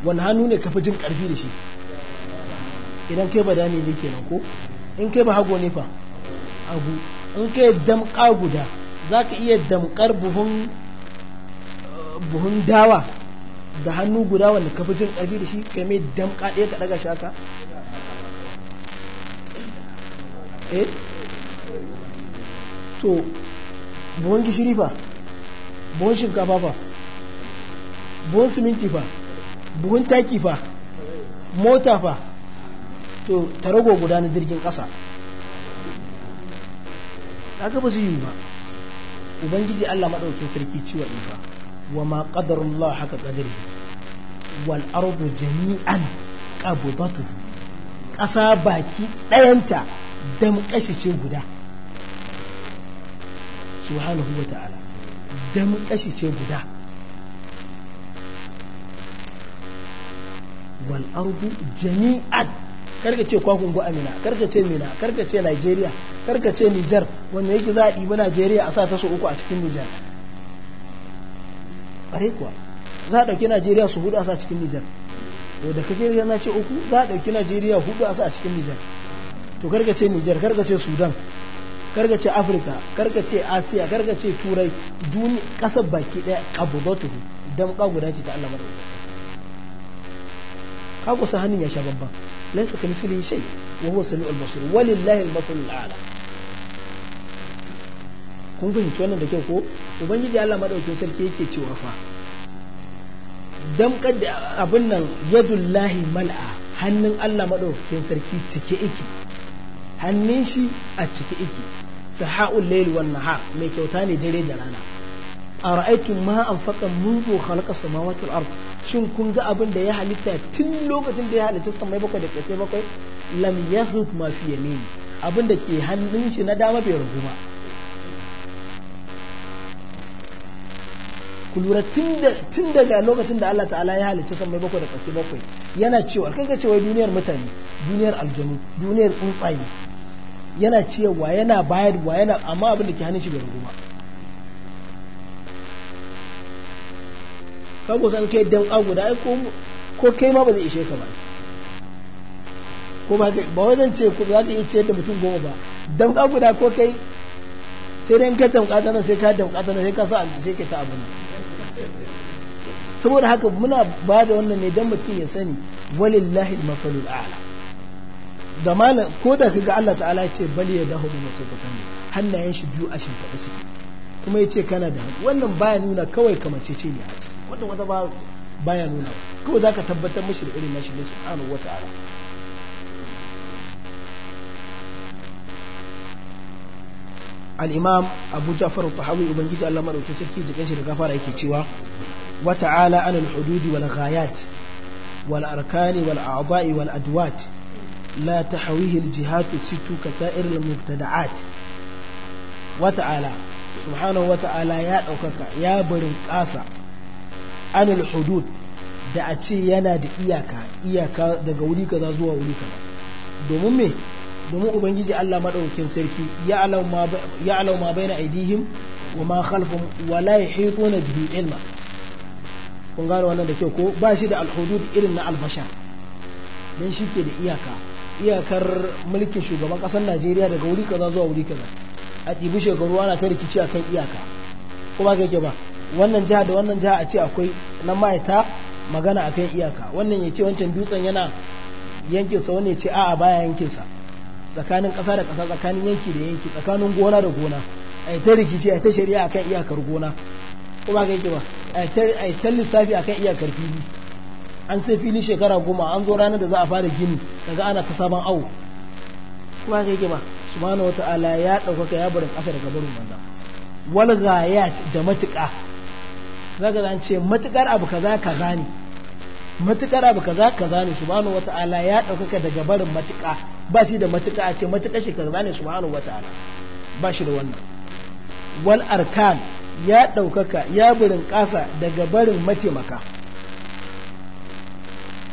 wani hannu ne ka fi jin karfi da shi idan kai ba dami ne kenan ko in kai ba hago ne fa abu in kai damka guda za ka iya damkar buhun buhun dawa da hannu guda wanda ka fi jin karfi da shi kai mai damka ɗaya ka ɗaga shaka eh to buhun gishiri ba buhun shinkafa fa buhun siminti fa buhun taki fa mota fa to tarago guda na jirgin ƙasa haka ba su yi ba ubangiji Allah maɗaukin sarki ciwa ifa wa ma qadarullah haka ƙadar wal ardu jami'an qabdatu ƙasa baki ɗayanta dam ce guda subhanahu wa ta'ala damin kashi ce guda wal ardu jami'an karka ce kwakun go amina karka ce mina karka ce nigeria karka ce nijar wanda yake za a ɗibi nigeria a sa ta uku a cikin nijar ƙware kuwa za a ɗauki nigeria su hudu a sa cikin niger wadda kake yana ce uku za a ɗauki nigeria hudu a sa a cikin nijar to karka ce nijar karka ce sudan karka ce afirka karka ce asiya karka ce turai duniya kasar baki daya tuhu don ka guda ce ta Allah wasu. ka kusa hannun ya sha babban laysa ya shai wa huwa samiul basir walillahi al-mathalul a'la kun fahimci wannan da kyau ko ubangiji Allah madaukakin sarki yake cewa fa damkar da abin nan yadullahi mal'a hannun Allah madaukakin sarki cike iki hannun shi a cike iki sahaul layl wan nahar mai kyauta ne dare da rana ara'aytum ma anfaqa mundu khalaqa samawati wal ard shin kun ga abin da ya halitta tun lokacin da ya halitta samai bakwai da kasai bakwai lam yahut ma fi yamin abin da ke hannun shi na dama bai rubu ba ku lura tun daga lokacin da Allah ta'ala ya halitta samai bakwai da kasai bakwai yana cewa kanka cewa duniyar mutane duniyar aljanu duniyar tsuntsaye yana cewa yana bayarwa yana amma abin da ke hannun shi bai rubu ba kan san kai dan agu da ko ko kai ma ba zai ishe ka ba ko ba ba wajen ce ku za ka iya ciyar da mutum goma ba dan agu da ko kai sai dai ka tamkata nan sai ka tamkata nan sai ka sa sai ka ta abin saboda haka muna ba da wannan ne dan mutum ya sani walillahi al-mafalul a'la da malam ko da kaga Allah ta'ala ya ce bal ya dahu bi mutafafan hannayen shi biyu a shimfiɗe suke kuma ya ce kana da wannan baya nuna kawai kamacece ne a ce wata wata ba baya nuna kawai zaka tabbatar mishi da irin nashi ne subhanahu wata'ala al-imam Abu Ja'far al-Tahawi ubangiji Allah madaukakin sarki jikin shi da gafara yake cewa wa ta'ala anil hududi wal ghayat wal arkani wal a'dha'i wal adwat la ta لا تحويه الجهات الست كسائر المبتدعات وتعالى سبحانه وتعالى ya ɗaukaka ya barin قاسا عن الحدود da a ce yana da iyaka iyaka daga wuri kaza zuwa wuri kaza domin me domin ubangiji Allah madaukakin sarki ya alauma ya alauma baina aidihim wa ma khalfum wa la yahituna bihi ilma kun gano wannan da kyau ko ba shi da alhudud irin na albashar dan shi ke da iyaka iyakar mulkin shugaban kasar najeriya daga wuri kaza zuwa wuri kaza a ɗibi shekaru ana ta rikici akan iyaka kuma ga ke ba wannan jiha da wannan jiha a ce akwai na ma'aita magana akan iyaka wannan ya ce wancan dutsen yana yankin sa wani ya ce a'a baya yankin sa tsakanin ƙasa da ƙasa tsakanin yanki da yanki tsakanin gona da gona a ta rikici a ta shari'a akan iyakar gona kuma ga ke ba a ta lissafi akan iyakar fili an sai fili shekara goma an zo ranar da za a fara gini daga ana ta sabon awo kuma ga yake ba wata ala ya ɗaukaka ya barin ƙasa daga barin wannan wal ya da matuƙa zaka zan ce matuƙar abu kaza kaza ne matuƙar abu kaza kaza ne wata ala ya ɗaukaka daga barin matuƙa ba shi da matuƙa a ce matuƙa shi kaza ne wata ala ba shi da wannan wal arkan ya ɗaukaka ya barin ƙasa daga barin mataimaka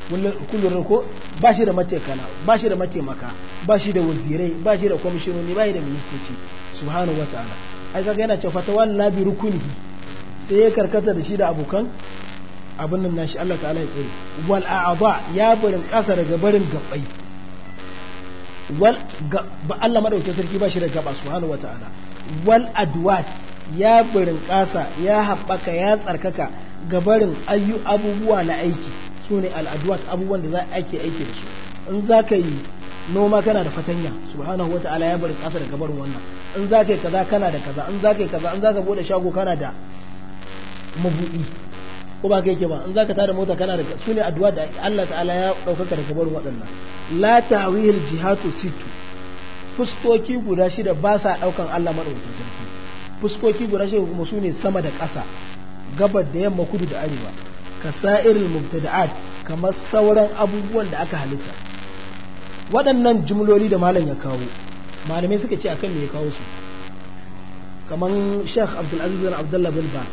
kullum ko ba shi da mataikana ba shi da mataimaka ba shi da wazirai ba shi da kwamishinoni ba shi da ministoci subhanahu ta'ala. ai kaga yana cewa fatawa labi rukuni sai ya karkata da shi da abokan abin nan nashi Allah ta'ala ya tsare wal a'aba ya barin kasa daga barin gabbai wal ba Allah madaukakin sarki ba shi da gaba subhanahu wata'ala wal adwat ya barin kasa ya haɓaka ya tsarkaka gabarin ayyu abubuwa na aiki su ne al'adwat abubuwan da za a ake aiki da su in za ka yi noma kana da fatanya subhanahu wa ta'ala ya bari kasa da gabar wannan in za ka yi kaza kana da kaza in za ka yi kaza in za ka bude shago kana da mabuɗi ko ba ka yake ba in za ka tada mota kana da su ne addu'a da Allah ta'ala ya ɗaukaka da gabar waɗannan la ta'wil jihatu Situ. fuskoki guda shida ba sa ɗaukan Allah maɗaukakin sarki fuskoki guda shida kuma su ne sama da ƙasa gabar da yamma kudu da arewa ka sa'iril mubtada'at kamar sauran abubuwan da aka halitta waɗannan jumloli da malam ya kawo malamai suka ce akan me ya kawo su kamar Sheikh Abdul Aziz bin Abdullah bin Bas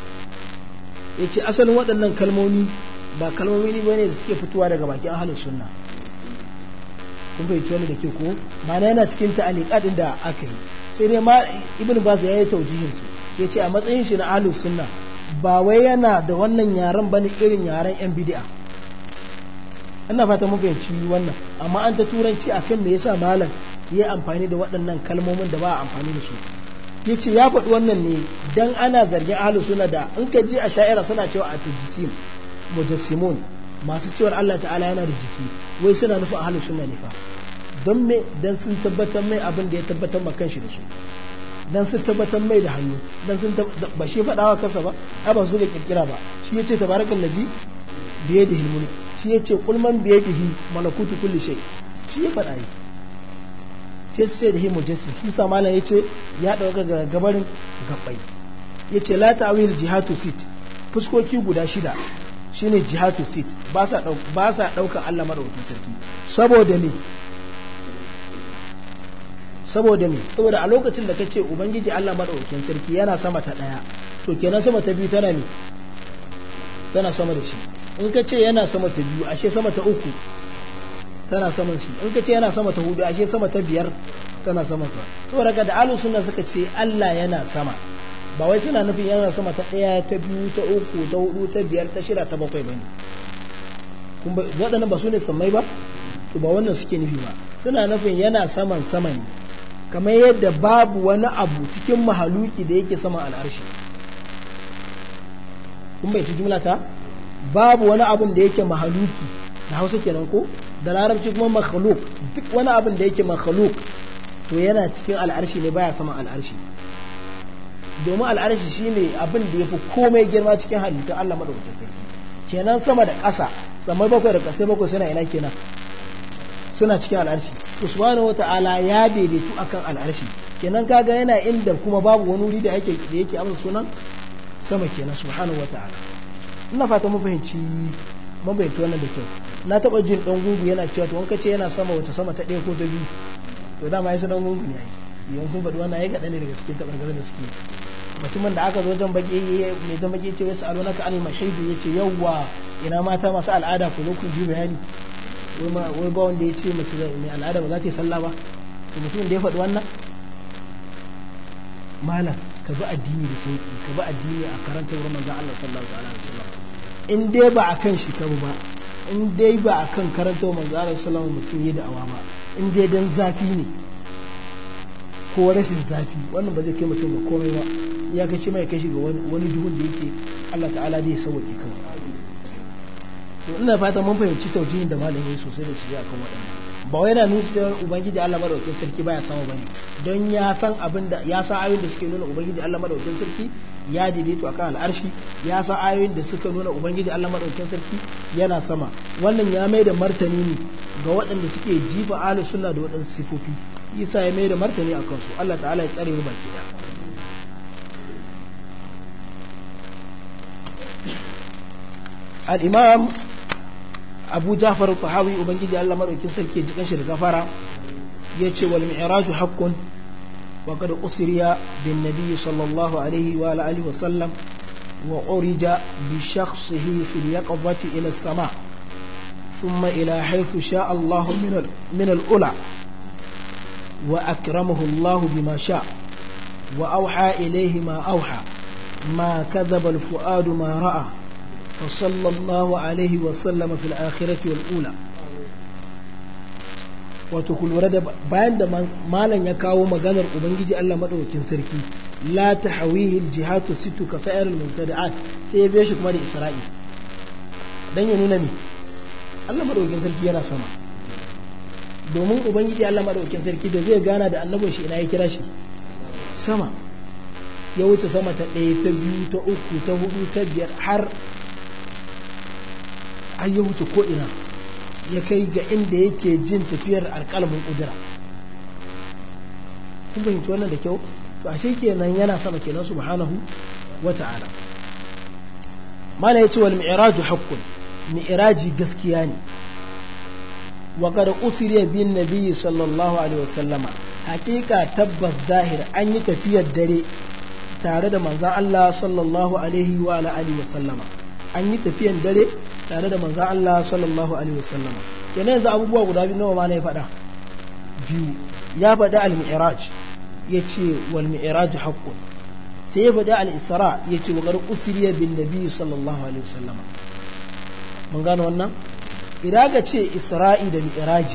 yace asalin waɗannan kalmomi ba kalmomi ne bane da suke fitowa daga baki bakin halin sunna kun bai wani da ke ko mana yana cikin ta'aliqatin da aka yi sai dai ma Ibn Bas ya yi taujihin su yace a matsayin shi na ahlus sunna ba wai yana da wannan yaren bane irin yaren yan bidi'a ina fata mun fahimci wannan amma an ta turanci a akan me yasa malam ya amfani da waɗannan kalmomin da ba a amfani da su yace ya faɗi wannan ne dan ana zargin ahlu suna da in ka ji a sha'ira suna cewa a tajisim mujassimun masu cewar Allah ta'ala yana da jiki wai suna nufin ahlu suna ne fa don me dan sun tabbatar mai abin da ya tabbatar ma kanshi da su. dan sun tabbatar mai da hannu dan sun ba shi faɗa wa kansa ba ai ba su da kirkira ba shi yace tabarakan nabi biye da hilmuni shi yace kulman biye da hi malakutu kulli shay shi ya faɗa yi sai su ce da himu jinsi shi sa malam yace ya dauka ga gabarin gabbai yace la ta'wil jihatu sit fuskoki guda shida shine jihatu sit ba sa dauka Allah madaukakin sarki saboda ne saboda me saboda a lokacin da kace ubangiji Allah madaukakin sarki yana sama ta daya to kenan sama ta biyu tana ne tana sama da shi in ka ce yana sama ta biyu ashe sama ta uku tana saman shi in ka ce yana sama ta hudu ashe sama ta biyar tana sama sa saboda ga da alu sunna suka ce Allah yana sama ba wai suna nufin yana sama ta daya ta biyu ta uku ta hudu ta biyar ta shida ta bakwai bane kun ba wadannan ba su ne sammai ba to ba wannan suke nufi ba suna nufin yana saman sama ne kamar yadda babu wani abu cikin mahaluki da yake saman al'arshi kun bai ci jimla ta babu wani abun da yake mahaluki da hausa kenan ko da larabci kuma makhluk duk wani abun da yake makhluk to yana cikin al'arshi ne baya saman al'arshi domin al'arshi ne abin da ya fi komai girma cikin halittun Allah madaukakin sarki kenan sama da ƙasa sama bakwai da ƙasai bakwai suna ina kenan suna cikin al'arshi usmanu subhanahu wata'ala ya daidaitu akan al'arshi kenan kaga yana inda kuma babu wani wuri da yake da yake amsa sunan sama kenan subhanahu wata'ala ina fata mu fahimci mun bai wannan da kyau na taba jin dan gugu yana cewa to an kace yana sama wata sama ta ɗaya ko ta biyu to dama yasa dan gugu ne yanzu ba faɗi wannan yi kaɗan ne daga cikin tabargarar da suke mutumin da aka zo wajen baki mai jan baki ce wasu alwana ka alma shaidu ya ce yawwa ina mata masu al'ada ku zo ku ji bayani wai ba wanda ya ce mace mai al'ada ba za ta yi sallah ba to mutumin da ya faɗi wannan malam ka bi addini da sauki ka bi addini a karanta wurin manzon Allah sallallahu alaihi wasallam in dai ba akan shi ka ba in dai ba akan karanta wurin manzon Allah sallallahu alaihi wasallam mutum ya awa ba in dai dan zafi ne ko rashin zafi wannan ba zai kai mutum ba komai ba ya kace mai kashi ga wani duhun da yake Allah ta'ala zai sauke kawai so ina fata mun fahimci tauhidin da malamai sosai da shi akan waɗannan ba wai yana nuna cewa ubangiji Allah madaukakin sarki baya sama bane don ya san abin da ya san ayoyin da suke nuna ubangiji Allah madaukakin sarki ya to akan al'arshi ya san ayoyin da suka nuna ubangiji Allah madaukakin sarki yana sama wannan ya mai da martani ne ga waɗanda suke jifa ahlus sunna da waɗansu sifofi isa ya mai da martani akan su Allah ta'ala ya tsare mu baki al-imam abu jafar fahawi ubangiji allah maraikin sarki ji kanshi da gafara yace ce wal mi'raju haqqun wa kada usiriya bin nabi sallallahu alaihi wa alihi sallam wa urija bi shakhsihi fil yaqdati ila sama thumma ila haythu sha'a allah min al min ula wa akramahu allah bima sha'a wa awha ilayhi ma awha ma kadhaba al fuadu ma ra'a وصلى الله عليه وسلم في الآخرة والأولى wato ku lura da bayan da malam ya kawo maganar ubangiji Allah madaukakin sarki la tahawihi aljihatu situ ka sa'ir kuma da dan ya nuna me Allah madaukakin sarki yana sama domin ubangiji Allah madaukakin sarki da zai gana da annabin shi ina ya kira shi sama ya wuce sama ta ɗaya ta biyu ta uku ta hudu ta biyar har an yi wuce ko ina ya kai ga inda yake jin tafiyar alƙalamin ƙudura kuma fahimci wannan da kyau to ashe kenan yana sama kenan subhanahu mana ya yace wal mi'raju haqqun mi'raji gaskiya ne wa qad usriya bin nabiy sallallahu alaihi wa sallama hakika tabbas zahir an yi tafiyar dare tare da manzon Allah sallallahu alaihi wa alihi wasallama an yi tafiyar dare tare da manzan Allah sallallahu alaihi wasallama kenan yanzu abubuwa guda biyu nawa ma na ya faɗa biyu ya faɗa al-mi'raj ya ce wal mi'raj haqqun sai ya faɗa al-isra ya ce wa usriya bin nabi sallallahu alaihi wasallama mun gano wannan idan ka ce isra'i da mi'raj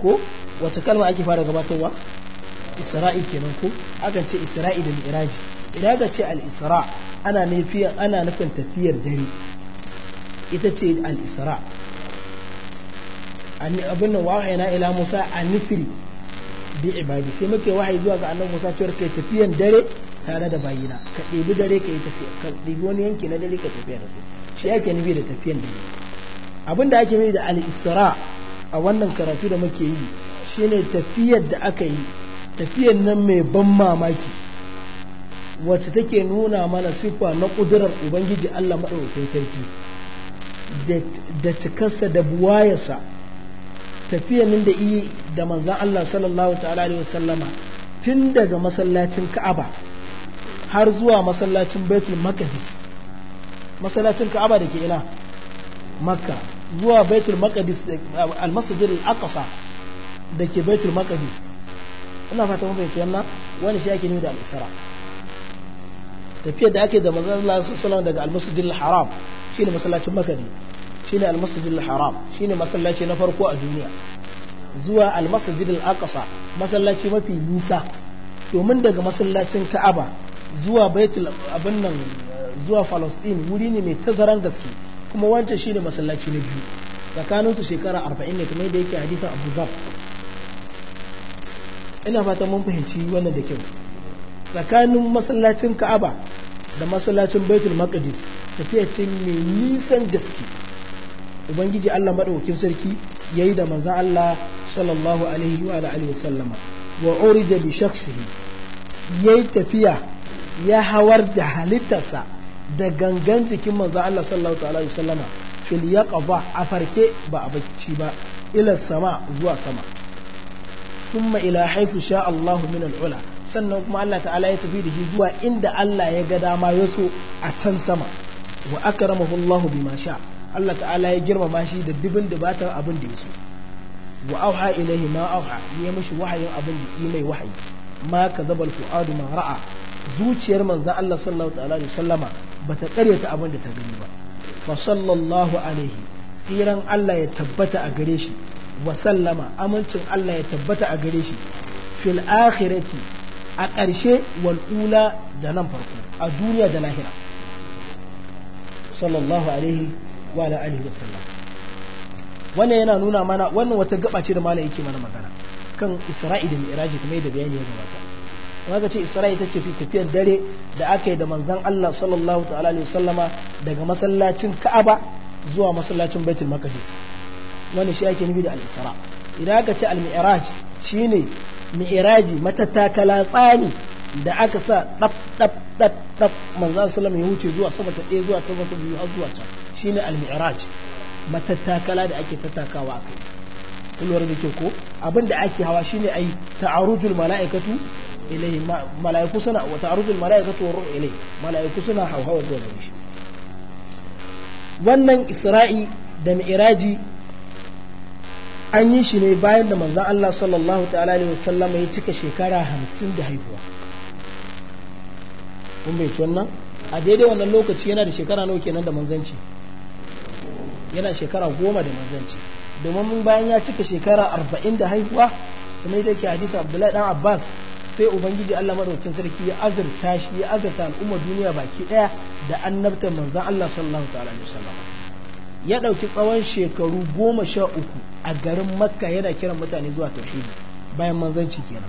ko wace kalma ake fara gabatarwa isra'i kenan ko akan ce isra'i da mi'raj idan ka ce al-isra ana nufin ana nufin tafiyar dare ita ce al-isra abin nan na ila musa a nisiri bi ibadi sai muke wahayi zuwa ga annabi musa cewar kai tafiyan dare tare da bayina ka ɗebi dare ka yi tafiya ka ɗebi wani yanki na dare ka tafiya da su shi yake nufi da tafiyan dare abin da ake nufi da al-isra a wannan karatu da muke yi shine tafiyar da aka yi tafiyan nan mai ban mamaki wacce take nuna mana sifa na kudurar ubangiji Allah madaukakin sarki da cikarsa da buwayarsa tafiya nan da iya da manzan Allah sallallahu ta'ala alaihi wasallama tun daga masallacin Ka'aba har zuwa masallacin Baitul Maqdis masallacin Ka'aba da ke ina Makka zuwa Baitul Maqdis al-Masjid al-Aqsa da ke Baitul Maqdis ina fata mun fahimci wannan wani shi ake nuna da al-Isra tafiyar da ake da manzan Allah sallallahu alaihi wasallam daga al-Masjid al-Haram shine masallacin makka ne shine almasjidil haram shine masallaci na farko a duniya zuwa almasjidil aqsa masallaci mafi nisa domin daga masallacin ka'aba zuwa baitul abin nan zuwa palestine wuri ne mai tazaran gaske kuma wancan shine masallaci na biyu tsakanin su shekara 40 ne kuma da yake hadisin abu zar ina fatan mun fahimci wannan da kyau tsakanin masallacin ka'aba da masallacin baitul maqdis tafiya ce mai nisan gaske ubangiji Allah maɗaukin sarki yayi da manzon Allah sallallahu alaihi wa alihi wa sallama wa urija bi shakhsihi yayi tafiya ya hawar da halittarsa da gangan jikin manzon Allah sallallahu alaihi wa sallama fil yaqba a farke ba a bacci ba ila sama zuwa sama thumma ila haythu sha Allah min al sannan kuma Allah ta'ala ya tafi da shi zuwa inda Allah ya ga dama ya so a can sama wa akramahu Allah bima sha Allah ta'ala ya girmama shi da dibin da bata abin da yaso wa auha ilaihi ma auha ya mishi wahayin abin da yi mai wahayi ma kazabal fuadu ma ra'a zuciyar manzon Allah sallallahu alaihi wasallama bata karyata abin da ta gani ba fa sallallahu alaihi tsiran Allah ya tabbata a gare shi wa sallama amincin Allah ya tabbata a gare shi fil akhirati a ƙarshe wal ula da nan farko a duniya da lahira sallallahu alaihi wa ala alihi wasallam wannan yana nuna mana wannan wata gaba ce da malam yake mana magana kan isra'i da mi'raji kamar da bayani ya gabata wanda ce isra'i ta tafi tafiyar dare da aka yi da manzon Allah sallallahu ta'ala alaihi wasallama daga masallacin Ka'aba zuwa masallacin Baitul Maqdis wannan shi ake nufi da al-isra idan aka ce al-mi'raj shine mi'raji tsani da aka sa ɗaf ɗaf ɗaf ɗaf manzan salam ya wuce zuwa sama ta ɗaya zuwa sama ta biyu har zuwa can ne al-mi'raj matattakala da ake tattakawa akai kulwar da ke ko abin da ake hawa shi shine ai ta'arujul mala'ikatu ilai mala'iku suna wa ta'arujul mala'ikatu ruhu ilai mala'iku suna hawhawa zuwa gare shi wannan isra'i da mi'raji an yi shi ne bayan da manzan Allah sallallahu ta'ala alaihi wasallam ya cika shekara hamsin da haihuwa mun bai wannan a daidai wannan lokaci yana da shekara nawa kenan da manzanci yana shekara goma da manzanci domin bayan ya cika shekara arba'in da haihuwa kuma ita ke hadisa abdullahi dan abbas sai ubangiji allah madaukin sarki ya azurta shi ya azurta al'ummar duniya baki daya da annabtar manzan allah sallallahu ta'ala alaihi wasallam ya dauki tsawon shekaru goma sha uku a garin makka yana kiran mutane zuwa tauhidi bayan manzanci kenan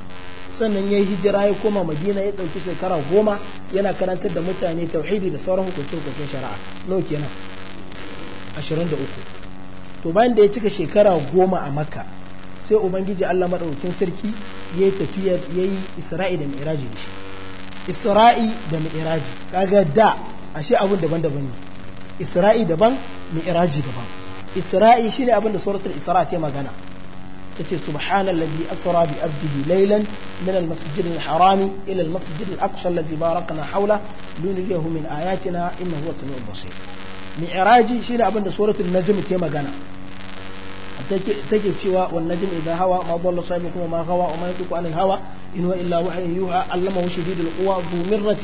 sannan ya yi hijira ya koma madina ya ɗauki shekara goma yana karantar da mutane tauhidi da sauran hukuncin hukuncin shari'a nau kenan ashirin da uku to bayan da ya cika shekara goma a makka sai ubangiji allah maɗaukin sarki ya yi tafiyar ya yi isra'i da mi'iraji da shi isra'i da mi'iraji kaga da ashe abun daban-daban ne isra'i daban mi'iraji daban isra'i shine abin da suratul isra ta magana تتي سبحان الذي أسرى بأبده ليلا من المسجد الحرام إلى المسجد الأقصى الذي باركنا حوله لنريه من آياتنا إنه هو السميع البصير معراج شيل أبن سورة النجم تيما قنا تجد شواء والنجم إذا هوى ما ضل صاحبكم وما غوى وما ينطق عن الهوى إن هو إلا وحي يوحى علمه شديد القوى ذو مرة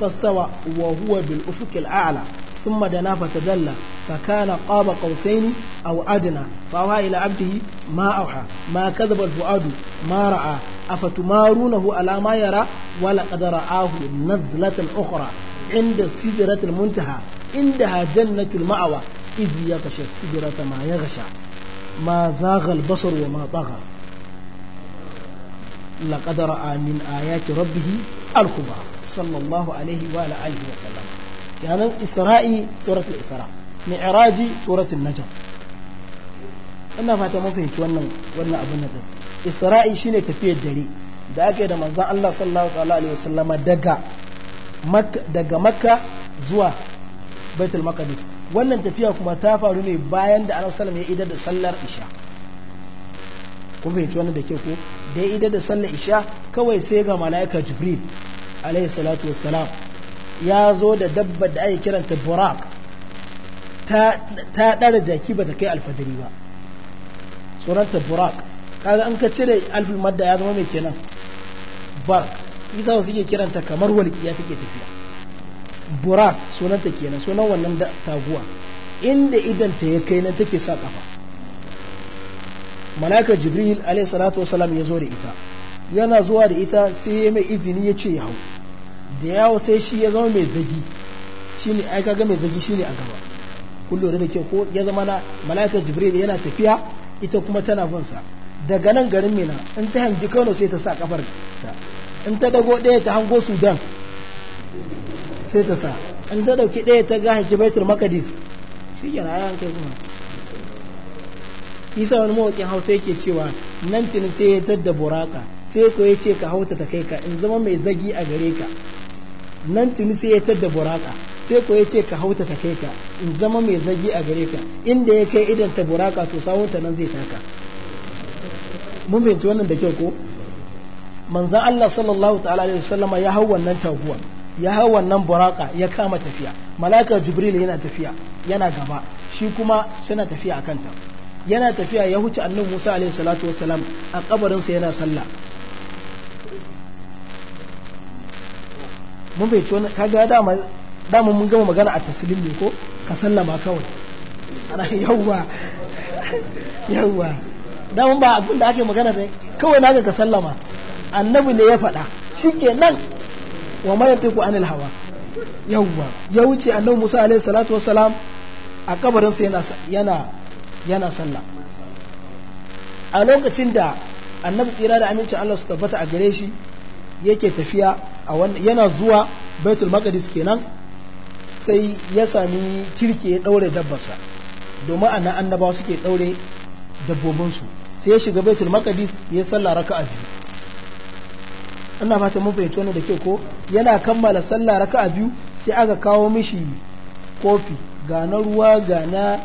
فاستوى وهو بالأفق الأعلى ثم دنا فتدلى فكان قاب قوسين أو أدنى فأوحى إلى عبده ما أوحى ما كذب الفؤاد ما رأى أفتمارونه على ما يرى ولقد رآه نزلة أخرى عند سدرة المنتهى عندها جنة المأوى إذ يغشى السدرة ما يغشى ما زاغ البصر وما طغى لقد رأى من آيات ربه الكبرى صلى الله عليه وعلى آله وسلم kenan isra'i suratul isra mi'raji suratul najm ina fata mun fahimci wannan wannan abin nan isra'i shine tafiyar dare da aka yi da manzon Allah sallallahu alaihi wasallama daga makka daga makka zuwa baitul maqdis wannan tafiya kuma ta faru ne bayan da annabi sallallahu ya idar da sallar isha kun fahimci wannan da ke ko da ya idar da sallar isha kawai sai ga malaika jibril alaihi salatu wassalam ya zo da dabba da ake kiranta burak ta ɗara jaki ba ta kai alfadari ba sunanta burak kaga an ka cire alfil ya zama mai kenan bark isa wasu ke kiranta kamar walƙiya take tafiya burak sunanta kenan sunan wannan taguwa inda idan ta ya kai nan take sa kafa malaka jibril alaihi salatu wasalam ya zo da ita yana zuwa da ita sai ya mai izini ya ce ya hau da yawo sai shi ya zama mai zagi ne aika ga mai zagi shi ne a gaba kullu da ke ko ya zama na malaikar jibril yana tafiya ita kuma tana bin daga nan garin mina in ta hanji Kano sai ta sa kafar ta in ta dago ɗaya ta hango Sudan sai ta sa in ta dauki ɗaya ta ga hanki Baitul makadis shi yana ayan kai kuma isa wani mawakin hausa yake cewa nan tuni sai ya tadda buraka sai ko ya ce ka hauta ta kai ka in zama mai zagi a gare ka nan tuni sai ya tadda buraka sai ko ya ce ka hauta ta kai ka in zama mai zagi a gare ka inda ya kai idan ta buraka to sawunta nan zai taka mun fahimci wannan da kyau ko manzan Allah sallallahu ta'ala alaihi wasallama ya hau wannan taguwa ya hau wannan buraka ya kama tafiya malaka jibril yana tafiya yana gaba shi kuma suna tafiya a kanta. yana tafiya ya huce annabi Musa alaihi salatu wassalam a kabarin yana sallah mun bai tona kaga dama dama mun gama magana a taslim ne ko ka sallama kawai ana <laughs> yawwa yawwa dama ba abin da ake magana da kawai naga ka sallama annabi ne ya faɗa shikenan wa ma yantiqu anil hawa yawwa ya wuce annabi Musa alaihi salatu wassalam a kabarin sa yana yana yana sallah a lokacin da annabi tsira da amincin Allah su tabbata a gare shi yake tafiya yana zuwa baitul maqdis kenan sai ya sami kirki ya daure dabbarsa domin anan annabawa suke daure dabbobinsu sai ya shiga baitul maqdis ya salla raka'a biyu ina fata mun fahimci wannan da ke ko yana kammala salla raka'a biyu sai aka kawo mishi kofi ga na ruwa ga na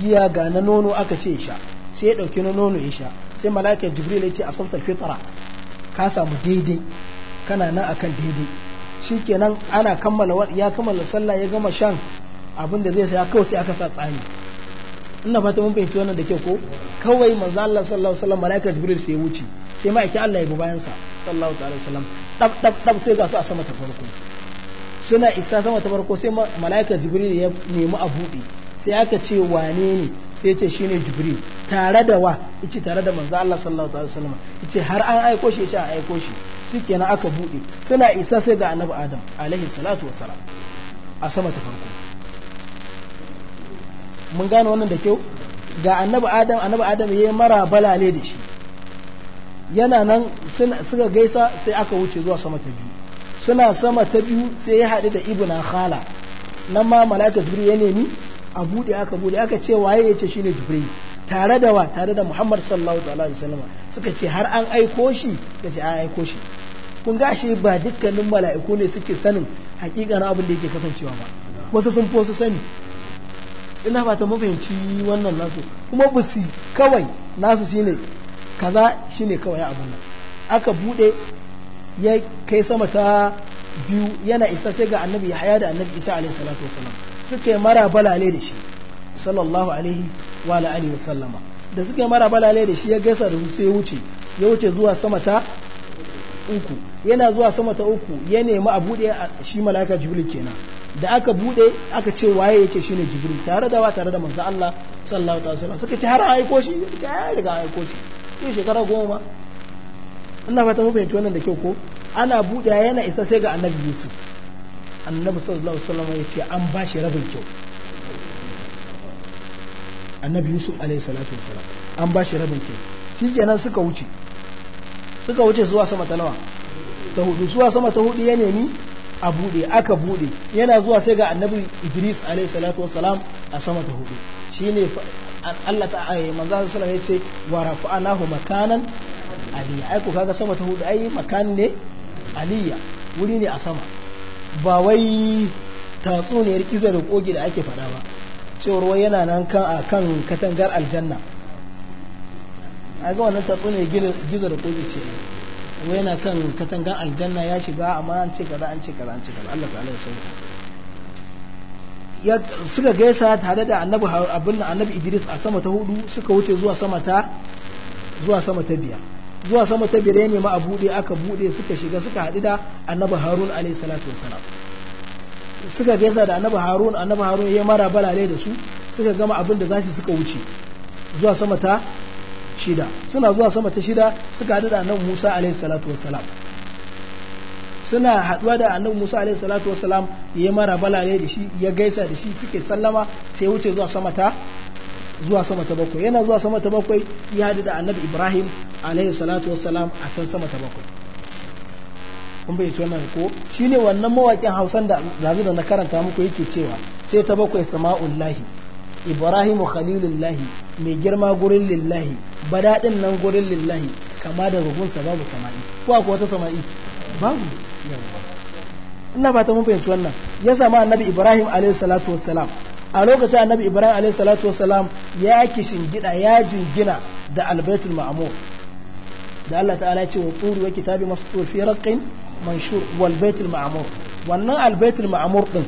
giya ga na nono aka ce sha sai ya dauki na nono ya sha sai mala'ikar jibril ya ce a sautar fitara ka samu daidai kana nan akan daidai shikenan ana kammala ya kammala sallah ya gama shan abin da zai saya kawai sai aka sa tsani ina fata mun fahimci wannan da kyau ko kawai manzo Allah sallallahu alaihi wasallam malaikar jibril sai wuce sai ma yake Allah ya bi bayan sa sallallahu alaihi wasallam dab dab dab sai ga su a sama ta farko suna isa sama ta farko sai malaikar jibril ya nemi a buɗe sai aka ce wane ne sai ce shine jibril tare da wa yace tare da manzo Allah sallallahu alaihi wasallam yace har an aiko shi yace an aiko shi suke na aka buɗe suna isa sai ga annabi adam alaihi salatu wa salam a sama ta farko mun gane wannan da kyau ga annabi adam annabi adam ya yi mara balale da shi yana nan suka gaisa sai aka wuce zuwa sama ta biyu suna sama ta biyu sai ya haɗu da ibna khala nan ma mala'ika jibril ya nemi a buɗe aka buɗe aka ce waye ya ce shine jibril tare da wa tare da muhammad sallallahu alaihi wasallam suka ce har an aiko shi ya ce an aiko shi kun gashi ba dukkanin mala'iku ne suke sanin hakikanin abin da yake kasancewa ba wasu sun fi wasu sani ina ba ta mafahimci wannan nasu kuma ba su kawai nasu shine kaza shine kawai abin nan aka bude ya kai sama ta biyu yana isa sai ga annabi haya da annabi isa alaihi salatu wasalam suke mara balale da shi sallallahu alaihi wa alihi wasallama da suke mara balale da shi ya gaisa da sai wuce ya wuce zuwa sama ta uku yana zuwa sama ta uku ya nemi a bude shi malaka jibril kenan da aka bude aka ce waye yake shine jibril tare da wa tare da manzo Allah sallallahu alaihi wasallam suka ce har aiko shi ga riga aiko shi shi shekara goma Allah ba ta to wannan da kyau ko ana bude yana isa sai ga annabi Yesu annabi sallallahu alaihi wasallam ya ce an bashi rabin kyau annabi Yusuf alaihi salatu wasallam an bashi rabin kyau shi kenan suka wuce suka wuce zuwa sama ta nawa ta hudu zuwa sama ta hudu ya nemi a bude aka bude yana zuwa sai ga annabi Idris alayhi salatu wassalam a sama ta hudu shine Allah ta ayi manzo sallallahu alaihi yace wa rafa'nahu makanan ali ai ku kaga sama ta hudu ai makan ne aliya wuri ne a sama ba wai tatsuniyar kizo da kogi da ake faɗa ba cewar wai yana nan kan a kan katangar aljanna a ga wannan tatsu ne gizar da ce wai yana kan katangan aljanna ya shiga amma an ce kaza an ce kaza an ce kaza Allah ta'ala ya sauka ya suka gaisa tare da annabi abin annabi Idris a sama ta hudu suka wuce zuwa sama ta zuwa sama ta biyar zuwa sama ta biyar ne ma a bude aka bude suka shiga suka haɗu da annabi Harun alayhi salatu wassalam suka gaisa da annabi Harun annabi Harun ya mara balale da su suka gama abin da zasu suka wuce zuwa sama ta shida suna zuwa sama ta shida suka haɗu da nan Musa alayhi salatu wassalam suna haɗuwa da annabi Musa alayhi salatu wassalam ya mara balale da shi ya gaisa da shi suke sallama sai wuce zuwa sama ta zuwa sama ta bakwai yana zuwa sama ta bakwai ya haɗu da annabi Ibrahim alayhi salatu wassalam a can sama ta bakwai kun bai tona ko shine wannan mawakin Hausan da yanzu da na karanta muku yake cewa sai ta bakwai sama'ullahi ibrahimu khalilullahi mai girma gurin lillahi badadin nan gurin lillahi kama da ruhunsa babu sama'i ko ko wata sama'i babu ina ba ta mun fahimci wannan ya sama annabi ibrahim alaihi salatu wassalam a lokacin annabi ibrahim alaihi salatu wassalam ya kishin gida ya jingina da albaitul ma'mur da Allah ta'ala ya ce wa turu wa kitabi mastur fi raqqin manshur wal baitul ma'mur wannan albaitul ma'mur din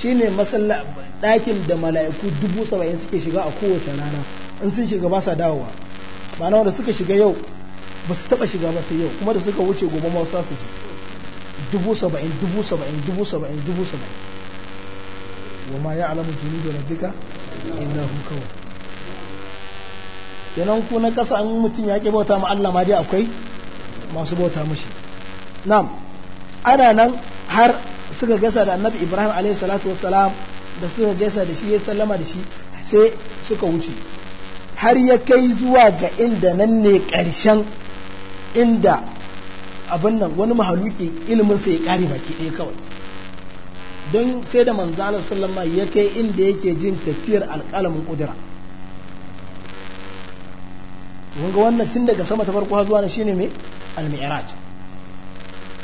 shine masalla ɗakin da mala'iku dubu saba'in suke shiga a kowace rana in sun shiga ba sa dawowa na wanda suka shiga yau ba su taɓa shiga ba sai yau kuma da suka wuce gobe ma wasu su dubu saba'in dubu saba'in dubu saba'in dubu saba'in wa ma ya alamu jini da rabbika inna hu kawai kenan ku na ƙasa an mutum ya ƙi bauta ma Allah ma dai akwai masu bauta mashi nam ana nan har suka gasa da annabi ibrahim alaihi salatu wassalam da suka gaisa da shi ya sallama da shi sai suka wuce har ya kai zuwa ga inda nan ne ƙarshen inda abin nan wani mahaluki ilimin sai ya ƙare baki ɗaya kawai don sai da manzana sallama ya kai inda yake jin tafiyar alƙalamin ƙudura wanga wannan tun daga sama ta farko zuwa na shine mai al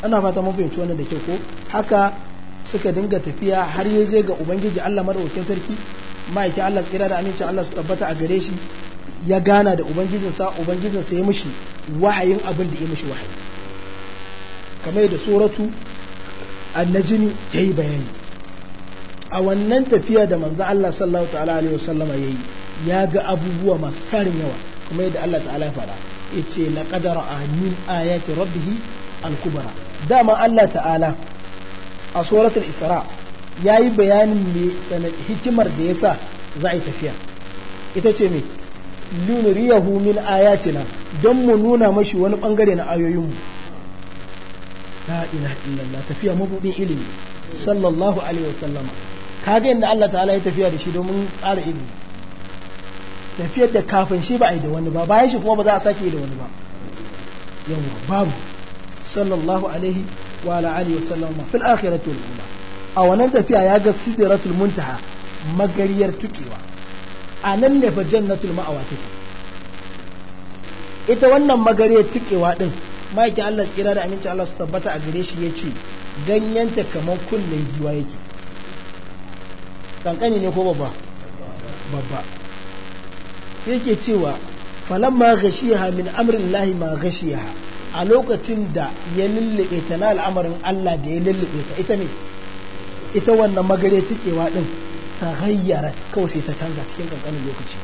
ana fata mun fahimci wannan da ke ko haka suka dinga tafiya har ya je ga ubangiji Allah madaukakin sarki ma'aikin Allah tsira da amincin Allah su tabbata a gare shi ya gana da ubangijinsa ubangijinsa ya mishi wahayin abin da ya mishi wahayi kamar yadda suratu annajini ta yi bayani a wannan tafiya da manzo Allah sallallahu ta'ala alaihi wasallam ya yi ya ga abubuwa masu karin yawa kuma da Allah ta'ala ya fara yace a ra'a min ayati rabbihi al-kubra dama Allah ta'ala a suratul isra ya yi bayanin hikimar da ya sa za a yi tafiya ita ce me lunuriyahu min ayatina don mu nuna mashi wani bangare na ayoyinmu la ilaha illallah tafiya mabudin ilimi sallallahu alaihi wasallama kaga yadda Allah ta'ala ya tafiya da shi domin ƙara ilimi tafiyar da kafin shi ba a yi da wani ba bayan shi kuma ba za a sake yi da wani ba yawa babu sallallahu alaihi wa ala alihi wa sallam fil akhirati wal ula a wannan tafiya ya ga sidratul muntaha magariyar tukewa a nan ne fa jannatul ma'awa take ita wannan magaryar tukewa din ma'aikin Allah tsira da aminci Allah su tabbata a gare shi yace ganyenta kamar kullun giwa yake kankani ne ko babba babba yake cewa falamma ghashiha min amrin lahi ma ghashiha a lokacin da ya lullube ta na al'amarin Allah da ya lullube ta ita ne ita wannan magare tikewa din ta hayyara kawai sai ta canza cikin kankanin lokaci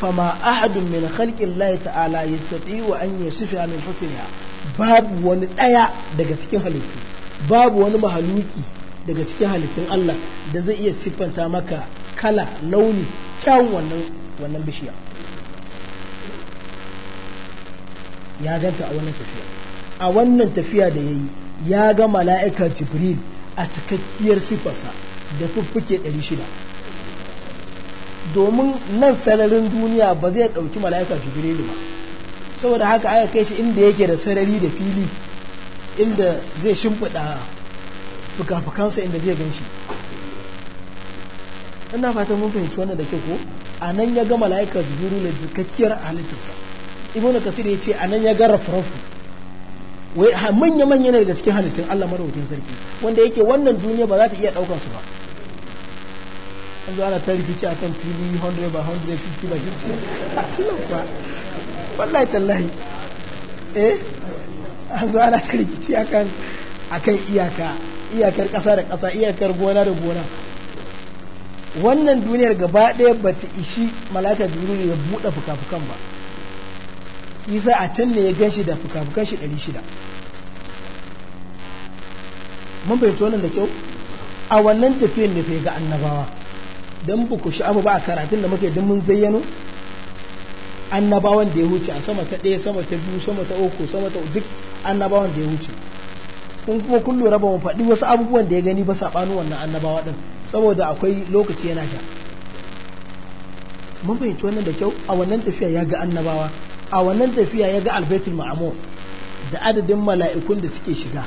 fama ahadun min khalqin lahi ta'ala yastati'u an yasifa min husniha babu wani daya daga cikin halittu babu wani mahaluki daga cikin halittun Allah da zai iya siffanta maka kala launi kyawun wannan wannan bishiya ya ganta a wannan tafiya a wannan tafiya da yayi ya ga mala'ika jibril a cikakkiyar sifarsa da fuffuke 600 domin nan sararin duniya ba zai ɗauki mala'ika jibril ba saboda haka aka kai shi inda yake da sarari da fili inda zai shimfiɗa fuka-fukansa inda zai ganshi. shi ina fatan mun fahimci wannan da ke ko a nan ya ga mala'ika jibril da cikakkiyar halittarsa ibnu kasir yace anan ya gara rafrafu wai manya manya ne daga cikin halittun Allah madaukakin sarki wanda yake wannan duniya ba za ta iya daukar su ba yanzu ana ta rikici kan tv 100 ba 150 ba a kilon ba wallahi tallahi eh an zo ana rikici akan akan iyaka iyakar ƙasa da ƙasa iyakar gona da gona wannan duniyar gaba ɗaya ba ta ishi malaka duniya ya buɗe fuka-fukan ba isa a can ne ya gan shi da fuka-fukan shi 600 mun fahimci wannan da kyau a wannan tafiyan ne fai ga annabawa don ba ku sha'abu ba a karatun da muke don mun zayyano annabawan da ya huce a sama ta ɗaya sama ta biyu sama ta uku sama ta duk annabawan da ya huce kun kuma kun lura ba mu faɗi wasu abubuwan da ya gani ba saɓanu wannan annabawa ɗin saboda akwai lokaci yana ja mun fahimci wannan da kyau a wannan tafiya ya ga annabawa a wannan tafiya ya ga albaitul ma'amur da adadin mala'ikun da suke shiga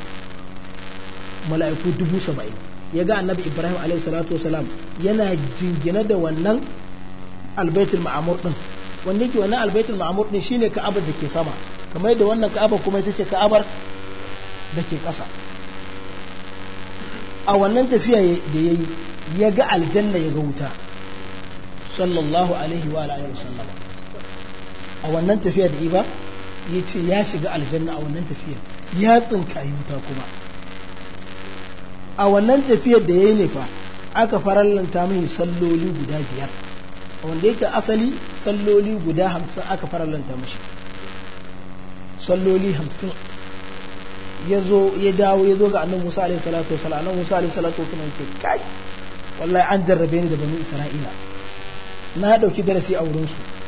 mala'iku dubu saba'in ya ga annabi ibrahim alayhi salatu wasalam yana jingina da wannan albaitul ma'amur din wanda yake wannan albaitul ma'amur din shine ka'abar da ke sama kamar da wannan ka'aba kuma ita ce ka'abar da ke ƙasa a wannan tafiya da ya yi ya ga aljanna ya ga wuta sallallahu alaihi wa alihi wasallam a wannan tafiya da iba ya ce ya shiga aljanna a wannan tafiya ya tsinka wuta kuma a wannan tafiyar da ya yi nufa aka farallanta mai salloli guda biyar wanda yake asali salloli guda hamsin aka farallanta mashi salloli hamsin ya zo ya dawo ya zo ga annan musa alai salatu wasu annan musa alai salatu wasu ce kai wallahi an jarrabe ni da bani isra'ila na dauki darasi a wurinsu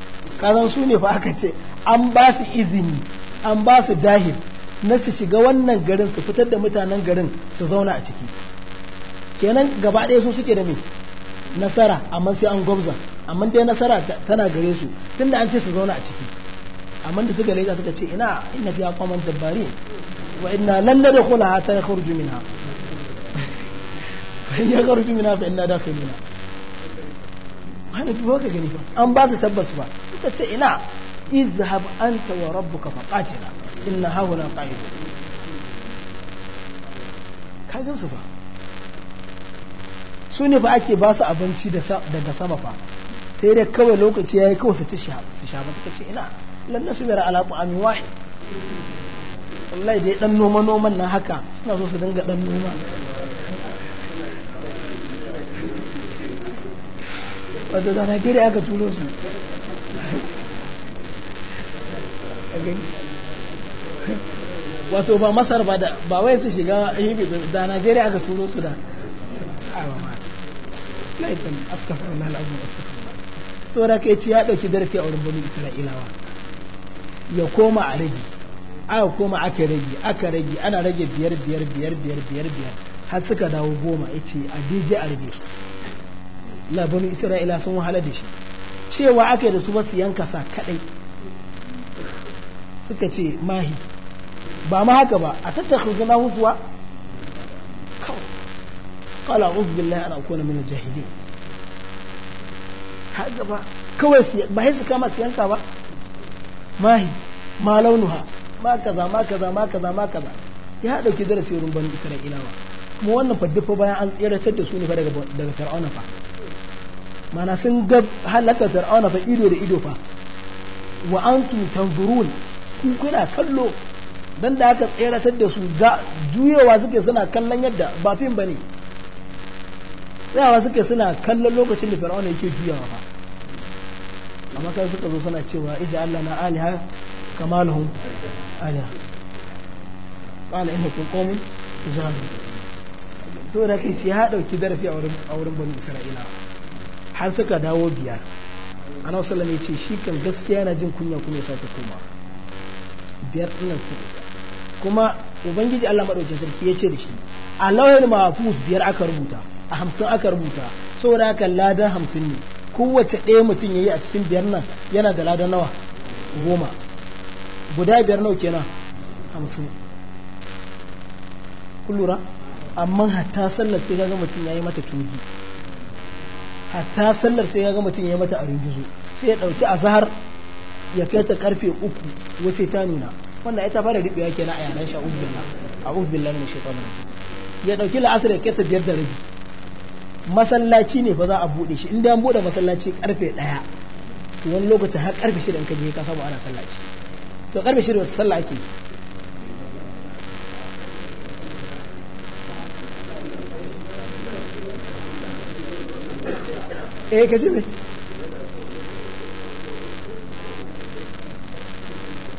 kazan su ne fa aka ce an ba su izini an ba su dahil na su shiga wannan garin su fitar da mutanen garin su zauna a ciki kenan gaba ɗaya su suke da mai nasara amma sai an gwabza amma dai nasara tana gare su tunda an ce su zauna a ciki amma da suka leka suka ce ina ina fiya kwaman dabbari wa ina lalle da kula ta ya kharuju minha fa ya kharuju minha fa inna dakhiluna hanafi ba ka gani an ba su tabbas ba suka ce ina izhab anta wa rabbuka inna hauna su ba su ne ba ake ba su abinci daga sama fa sai dai kawai lokaci ya yi kawai su ci su sha ba ce ina lannan su alaƙu wallahi dai dan noma noman nan haka suna so su dinga dan noma wato da Najeriya aka turo su wato ba masar ba da ba wai su shiga hibi da Najeriya aka turo su da Awa ma laifin astaghfirullah alazim astaghfirullah da kai ci ya ɗauki darasi a wurin bani Isra'ilawa ya koma a rage aka koma aka rage aka rage ana rage biyar biyar biyar biyar biyar biyar har suka dawo goma ce a DJ a rage labanu isra'ila sun wahala da shi cewa aka yi da su basu yanka sa kadai suka ce mahi ba ma haka ba a tattaka gina husuwa kawai kala uzu billahi ana kone mana jahili haka ba kawai ba su kama su yanka ba mahi ma launuha ma kaza ma kaza ma kaza ma kaza ya dauki darasi rumban isra'ilawa kuma wannan faddufa bayan an tseratar da su ne daga fir'auna fa mana sun ga halaka fir'auna fa ido da ido fa wa antum tanzurun ku kuna kallo dan da aka tseratar da su ga juyewa suke suna kallon yadda ba fim bane tsayawa suke suna kallon lokacin da fir'auna yake juyawa fa amma kai suka zo suna cewa ija Allah na aliha kamalhum aliha qala innakum qawmun zalim saboda kai sai ya dauki darasi a wurin a wurin bani isra'ila har suka dawo biyar ana sallam ya ce shi kan gaskiya yana jin kunya kuma ya sake koma biyar ɗinnan su kuma ubangiji Allah maɗauki sarki ya ce da shi a lauyin mahafuz biyar aka rubuta a hamsin aka rubuta saboda aka ladan hamsin ne kowace ɗaya mutum ya yi a cikin biyar nan yana da ladan nawa goma guda biyar nawa kenan hamsin kun lura amma hatta sallar sai ga mutum ya yi mata tuji hatta sallar sai ya ga mutum ya mata a ringizo sai ya ɗauki a zahar ya kai ta karfe uku wasu ta nuna wannan ita fara ke na a yanan sha'ud billah a uf billah ne shaitan ya ɗauki la'asar ya kai ta biyar da rabi masallaci ne ba za a buɗe shi inda an buɗe masallaci karfe ɗaya to wani lokaci har karfe shida in ka je ka samu ana sallaci to karfe shida wata sallah ake eh ka ce ne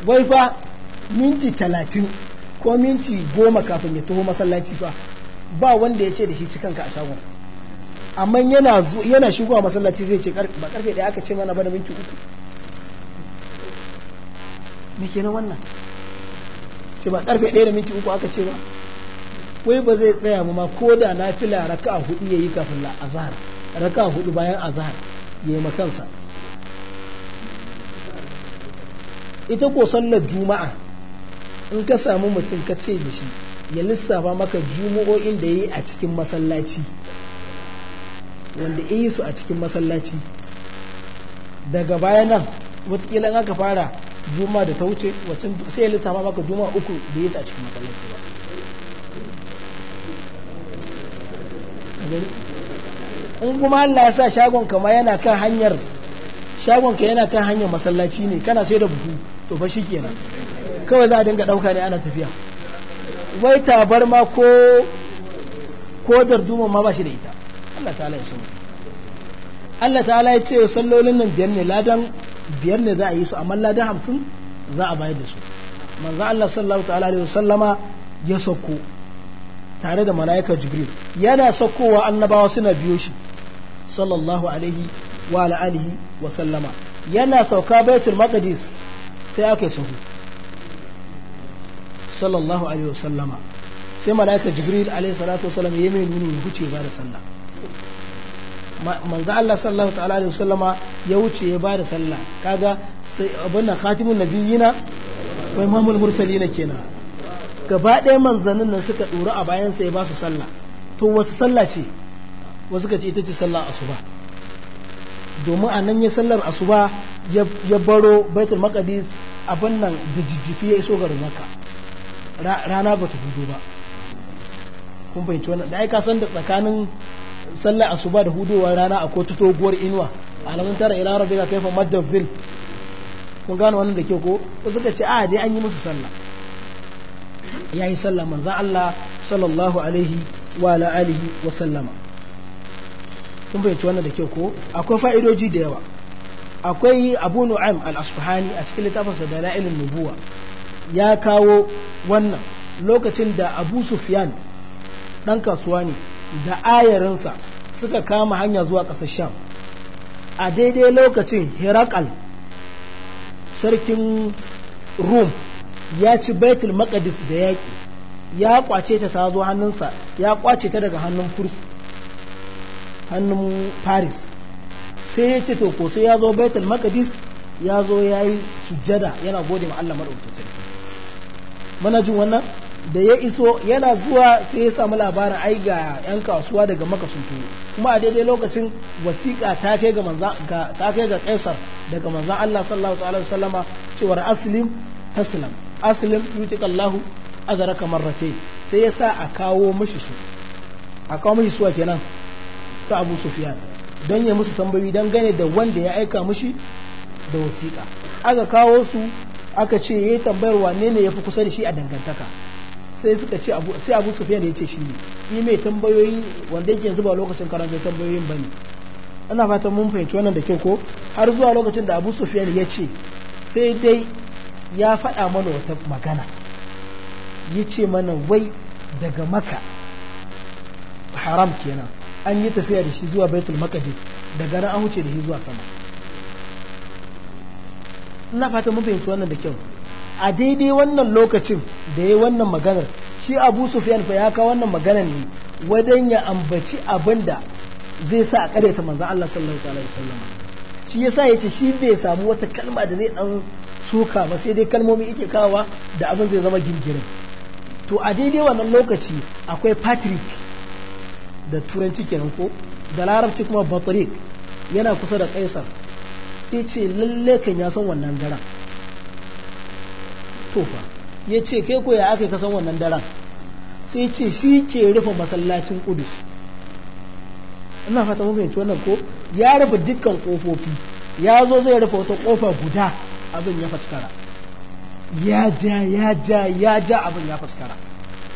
wai fa minti talatin ko minti goma kafin ya taho masallaci fa ba wanda ya ce da shi ka a shagon amma yana yana shigowa masallaci zai ce ba karfe daya aka ce mana ba da minti uku me kenan wannan ce ba karfe daya da minti uku aka ce ba wai ba zai tsaya mu ma ko da na fila raka a hudu yayi kafin la azhar raka hudu bayan azhar ya yi makansa ita ko sallar juma'a in ka samu mutum ka ce da shi ya lissafa maka juma'o'in da ya yi a cikin masallaci wanda ya yi su a cikin masallaci daga baya nan wataƙila in aka fara juma da ta wuce wacin sai ya lissafa maka juma uku da ya yi a cikin masallaci ba in kuma Allah ya sa shagon kama yana kan hanyar shagon ka yana kan hanyar masallaci ne kana sai da buhu to fa shikenan kawai za a dinga dauka ne ana tafiya wai tabar ma ko ko darduma ma ba shi da ita Allah ta'ala ya sani Allah ta'ala ya ce sallolin nan biyar ne ladan biyar ne za a yi su amma ladan hamsin za a bayar da su manzo Allah sallallahu ta'ala alaihi wasallama ya sauko tare da mala'ika jibril yana sakowa annabawa suna biyo shi sallallahu alaihi wa alihi wa sallama yana sauka baitul maqdis sai aka sahu sallallahu alaihi wa sallama sai malaika jibril alaihi salatu wasallam ya mai nuni huce ba da sallah manzo Allah sallallahu ta'ala alaihi wasallama ya wuce ya ba da sallah kaga sai abin nan khatimun nabiyina wa imamul mursalina kenan gaba ɗaya manzannin nan suka ɗora a bayan sai ba su sallah to wata sallah ce wasu suka ce ita ce sallar asuba domin a nan ya sallar asuba ya baro baitul maqdis abin nan da jijjifi ya iso garin maka rana ba ta hudu ba kun fahimci wannan da aika san da tsakanin sallar asuba da hudowar rana a kotu toguwar inuwa alamun tara ila rabbi ka kaifa maddabil kun gano wannan da ke ko wasu ce a dai an yi musu sallah yayi sallah manzo Allah sallallahu alaihi wa ala alihi wa sallama Sun fahimci wannan da ke ko akwai fa'idoji da yawa akwai abu nu'aim al-asfahani a cikin littafinsa da la'ilin nubuwa ya kawo wannan lokacin da abu sufyan ɗan kasuwa ne da ayarinsa suka kama hanya zuwa ƙasar sham a daidai lokacin herakal sarkin rum ya ci baitul maqdis da yaƙi ya kwace ta sa zo hannunsa ya kwace ta daga hannun furs hannun paris sai ya ce to ko sai ya zo baitul makadis ya zo ya yi sujjada yana gode ma Allah maɗaukakin sarki mana jin wannan da ya iso yana zuwa sai ya samu labarin ai ga 'yan kasuwa daga maka sun tuni kuma a daidai lokacin wasiƙa ta kai ga manza ta kai ga kaisar daga manzan Allah sallallahu alaihi sallama cewar aslim taslam aslim yutika Allahu kamar marratayn sai ya sa a kawo mashi su a kawo mishi su kenan sa abu sufiyan don ya musu tambayoyi don gane da wanda ya aika mushi da wasiƙa aka kawo su aka ce ya yi tambayar wane ne ya fi kusa da shi a dangantaka sai suka ce sai abu sufiyan ya ce shi ne yi mai tambayoyi wanda yake yanzu ba lokacin karanta tambayoyin bane ana fatan mun fahimci wannan da kyau ko har zuwa lokacin da abu sufiyan ya ce sai dai ya faɗa mana wata magana ya ce mana wai daga maka haram kenan an yi tafiya da shi zuwa baitul maqdis daga ran an wuce da shi zuwa sama ina fata mun fahimci wannan da kyau a daidai wannan lokacin da yayi wannan maganar shi Abu Sufyan fa ya kawo wannan maganar ne wadan ya ambaci da zai sa a ta manzon Allah sallallahu alaihi wasallam shi yasa yace shi bai samu wata kalma da zai dan suka ba sai dai kalmomi yake kawa da abin zai zama gingirin to a daidai wannan lokaci akwai Patrick da turanci kenan ko da larabci kuma batrik yana kusa da kaisar sai ce lalle kan ya san wannan dara Tofa ya ce kai ko ya aka ka kasan wannan dara sai ce shi ke rufe masallacin kudus ina fata mun fahimci wannan ko ya rufe dukkan kofofi ya zo zai rufe wata kofa guda abin ya faskara ya ja ya ja ya ja abin ya faskara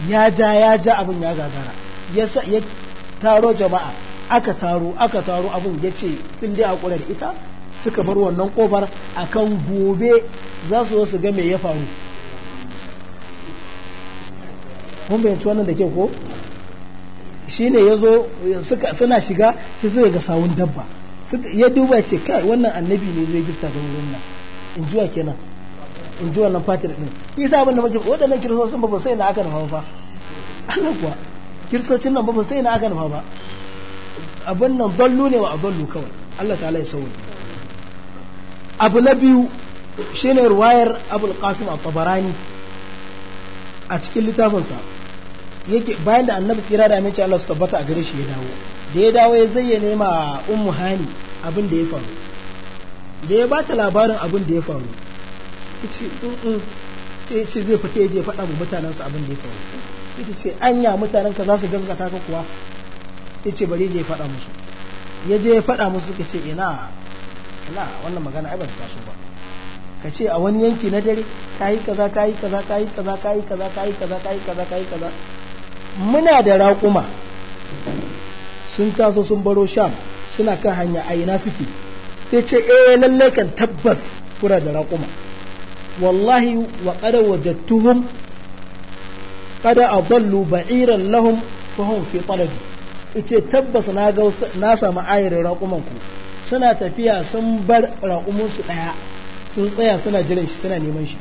ya ja ya ja abin ya gagara ya taro jama'a aka taro aka taro abin ya ce sun dai hakura da ita suka bar wannan kofar akan gobe za su zo su ga me ya faru mun bayanci wannan da ke ko ne ya zo suna shiga sai zai ga sawun dabba ya duba ce kai wannan annabi ne zai gifta da wurin nan in jiwa kenan in ji wannan fatir din isa abin da muke waɗannan sun ba sai na aka da fa Allah kuwa kiristocin nan ba sai na aka nufa ba abin nan dallu ne wa kawai Allah ta'ala ya sauwa abu na biyu shine ruwayar abul qasim at-tabarani a cikin littafinsa yake bayan da annabi tsira da amince Allah su tabbata a gare shi ya dawo da ya dawo ya zayyane ma ummu hani abin da ya faru da ya bata labarin abin da ya faru sai ce zai fita ya je faɗa mu mutanensa abin da ya faru ita ce anya mutanen ka za su gaskata ka kuwa sai ce bari je faɗa musu ya je ya faɗa musu suka ce ina ina wannan magana ai ba ta so ba ka ce a wani yanki na dare ka yi kaza ka yi kaza ka yi kaza ka yi kaza ka yi kaza ka yi kaza ka yi kaza muna da raƙuma sun taso sun baro sham suna kan hanya a ina suke sai ce eh lalle kan tabbas kura da raƙuma wallahi wa qad wajadtuhum kada adallu ba'iran lahum fahum fi talabi ice tabbas na ga na samu ayarin raƙuman ku suna tafiya sun bar raƙumin su daya sun tsaya suna jiran shi suna neman shi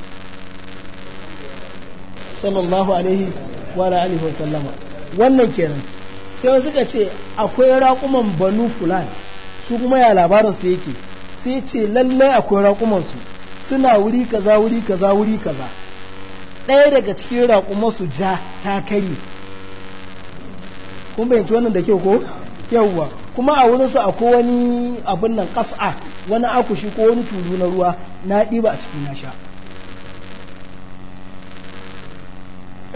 sallallahu alaihi wa alihi wasallama wannan kenan sai suka ce akwai raƙuman banu fulan su kuma ya labarin su yake sai ce lallai akwai raƙuman su suna wuri kaza wuri kaza wuri kaza ɗaya daga cikin raƙuma su ja ta kari kun bayyanci wannan da kyau ko yawwa kuma a wurin su akwai wani abin nan ƙasa wani akushi ko wani tulu na ruwa na ɗiba a cikin na sha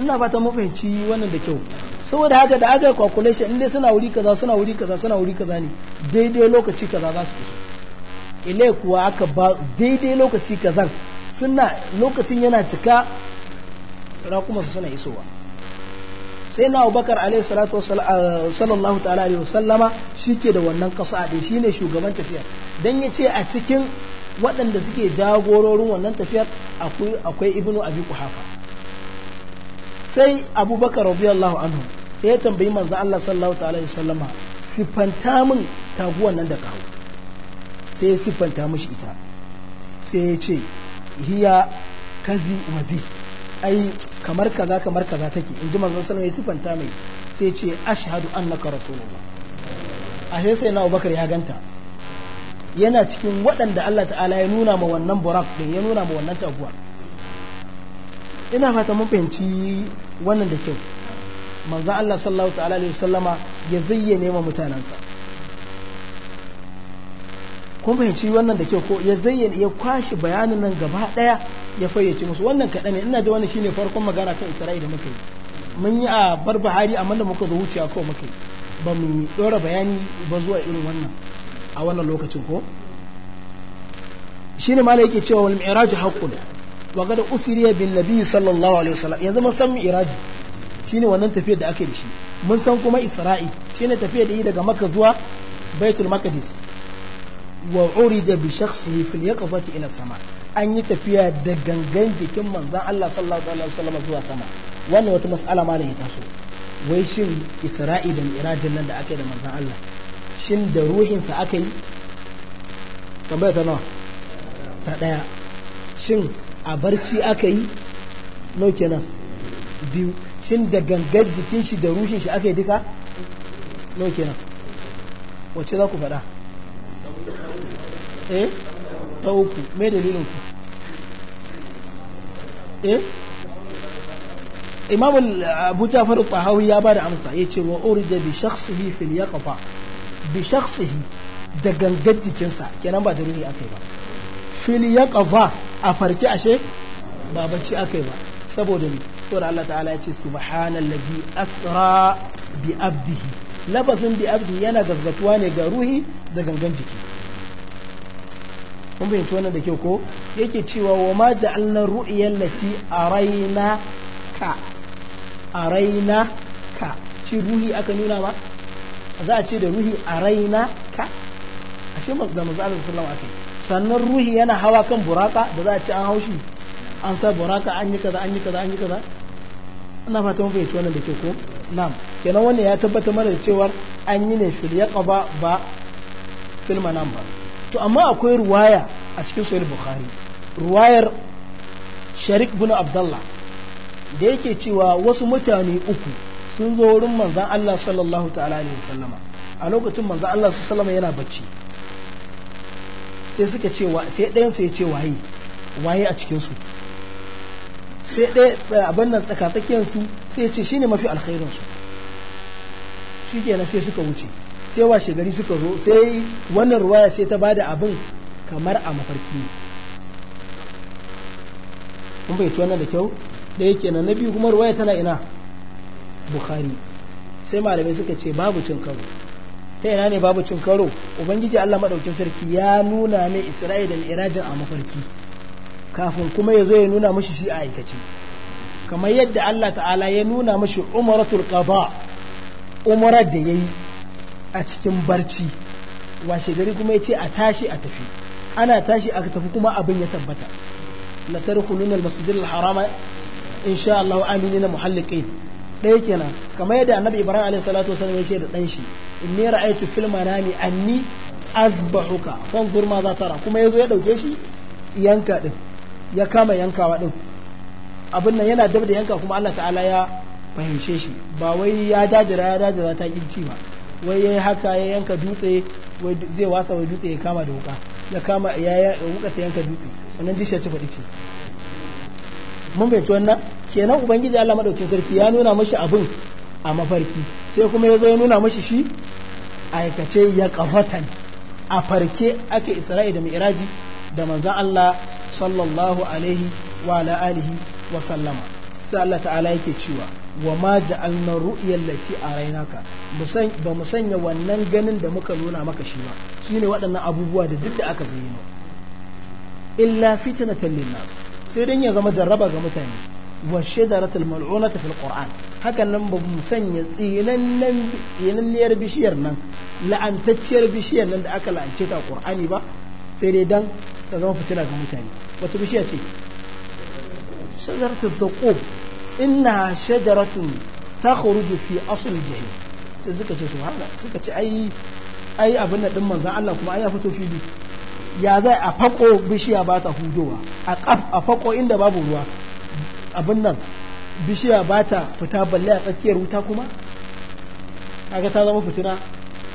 ina fata mafahimci wannan da kyau saboda haka da aka yi calculation inda suna wuri kaza suna wuri kaza suna wuri kaza ne daidai lokaci kaza za su iso ile kuwa aka ba daidai lokaci kazan suna lokacin yana cika raƙuma su suna isowa sai na abubakar alaihi salatu sallallahu ta'ala alaihi wasallama ke da wannan kasa shi ne shugaban tafiyar don ya ce a cikin waɗanda suke jagororin wannan tafiyar akwai ibnu abi kuhafa sai abubakar rabiyallahu anhu sai ya tambayi manzo Allah sallallahu ta'ala alaihi wasallama sifanta min taguwan nan da kawo sai ya siffanta mishi ita sai ya ce hiya kazi wazi ai kamar kaza kamar kaza take in ji manzon sallallahu alaihi wasallam ya sifanta mai sai ce ashhadu annaka rasulullah ashe sai na Abubakar ya ganta yana cikin waɗanda Allah ta'ala ya nuna ma wannan burak da ya nuna ma wannan taguwa ina fata mun fahimci wannan da kyau manzon Allah sallallahu ta'ala alaihi wasallama ya zayyane ma mutanansa kun fahimci wannan da kyau ko ya zayyana ya kwashi bayanin nan gaba daya ya fayyace musu wannan kaɗan ne ina da wannan shine farkon magana kan isra'ila muka yi mun yi a bar barbahari amma da muka zo wuciya kawai muka yi ba mu ɗora bayani ba zuwa irin wannan a wannan lokacin ko shine malai yake cewa wal mi'raj haqqun wa qad usriya bin nabi sallallahu alaihi wasallam yanzu mun san mi'raj shine wannan tafiya da ake da shi mun san kuma isra'i shine tafiya da yi daga makka zuwa baitul maqdis wa urida bi shakhsihi fil yaqfati ila sama an yi tafiya da gangan jikin manzon Allah sallallahu alaihi wasallam zuwa sama wannan wata mas'ala ma da ya taso wai shin isra'i da mirajin nan da aka yi da manzon Allah shin da ruhinsa aka yi tambaya ta nawa ta daya shin a barci aka yi nau kenan biyu shin da gangan jikin shi da ruhin shi aka duka nau kenan wacce za ku faɗa eh ta uku me dalilin ku eh imam abu jafar tsahawi ya bada amsa ya ce wa urja bi shakhsihi fil yaqfa bi shakhsihi da gangar jikinsa kenan ba daruri akai ba fil yaqfa a farki ashe ba bacci akai ba saboda ni saboda Allah ta'ala ya ce subhanallazi asra bi abdihi labazin bi abdi yana gasgatuwa ne ga ruhi da gangan jiki mun bayyanci wannan da kyau ko yake cewa wa ma ja'alna ru'yal lati araina ka araina ka ci ruhi aka nuna ba za a ce da ruhi araina ka ashe da manzo Allah sallallahu alaihi sannan ruhi yana hawa kan buraka da za a ce an haushi an sa buraka an yi kaza an yi kaza an yi kaza ina fata mun fahimci wannan da ke ko na'am kenan wannan ya tabbata mana da cewa an yi ne fil yaqaba ba fil manam ba to amma akwai ruwaya a cikin sahih bukhari ruwayar sharik bin abdullah da yake cewa wasu mutane uku sun zo wurin manzan Allah sallallahu ta'ala alaihi wasallama a lokacin manzan Allah sallallahu yana bacci sai suka ce wa sai ɗayan sai ya ce waye waye a cikin su sai ɗaya eh, abin nan tsakatsakiyar su sai ya ce shine mafi alkhairin su shikenan sai suka wuce sai washe gari suka zo sai wannan ruwaya sai ta bada abin kamar a mafarki kun bai wannan da kyau da yake na biyu kuma ruwaya tana ina bukhari sai malamai suka ce babu cin karo ta ina ne babu cin karo ubangiji Allah madaukin sarki ya nuna mai Isra'ila da Irajin a mafarki kafin kuma ya zo ya nuna mashi shi a aikace kamar yadda Allah ta'ala ya nuna mashi umaratul qada umarar da yayi a cikin barci washe gari kuma ya ce a tashi a tafi ana tashi a tafi kuma abin ya tabbata la tarkulun al-masjid al-harama insha Allah aminina muhalliqin ɗaya kenan kamar yadda annabi ibrahim alaihi salatu wasallam ya ce da dan shi inni ra'aytu fil manami anni azbahuka fanzur ma za tara kuma yazo ya dauke shi yanka din ya kama yankawa din abin nan yana dab da yanka kuma Allah ta'ala ya fahimce shi ba wai ya dajira ya dajira ta kirci ba wai ya haka ya yanka dutse zai wasa wai dutse ya kama da wuka ya kama ya wuka ta yanka dutse wannan ya ci faɗi ce mun bai wannan kenan ubangiji Allah madaukin sarki ya nuna mashi abin a mafarki sai kuma ya zo ya nuna mashi shi aikace ya kafatan a farke ake isra'i da mi'raji da manzon Allah sallallahu alaihi wa ala alihi wa sallama sai Allah ta'ala yake cewa wa ma ja'alna ru'yal lati arainaka ba mu sanya wannan ganin da muka nuna maka shi ba shine waɗannan abubuwa da duk da aka zayyana illa fitnatan linnas sai dan ya zama jarraba ga mutane wa shajaratul mal'unata fil qur'an hakan nan ba mu sanya tsinannen tsinanniyar bishiyar nan la'antacciyar bishiyar nan da aka la'ance ta qur'ani ba sai dai dan ta zama fitina ga mutane wata bishiya ce shajaratul zaqub inna shajaratun ta khuruju fi asl jahim sai suka ce subhana suka ce ai ai abin da din manzon Allah kuma ai ya fito fili ya zai a fako bishiya ba ta hudowa a kaf a fako inda babu ruwa abin nan bishiya ba ta fita balle a tsakiyar wuta kuma kaga ta zama fitina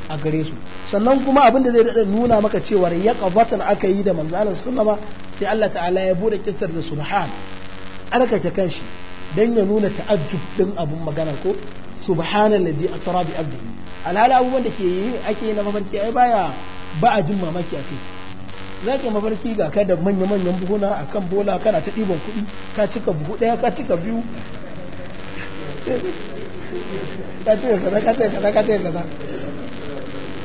a gare su sannan kuma abin da zai daɗa nuna maka cewa ya ƙabatan aka yi da manzalar sunna ba sai Allah ta'ala ya bude kisar da subhan tsarkake kanshi dan ya nuna ta'ajjub din abun magana ko subhanallazi asra bi abdihi alhala abubuwan da ke yi ake na mafarki ai baya ba a jin mamaki a kai zaka mafarki ga ka da manya manyan buhuna akan bola kana ta ɗiban kuɗi ka cika buhu ɗaya ka cika biyu ka cika kaza ka cika kaza ka cika kaza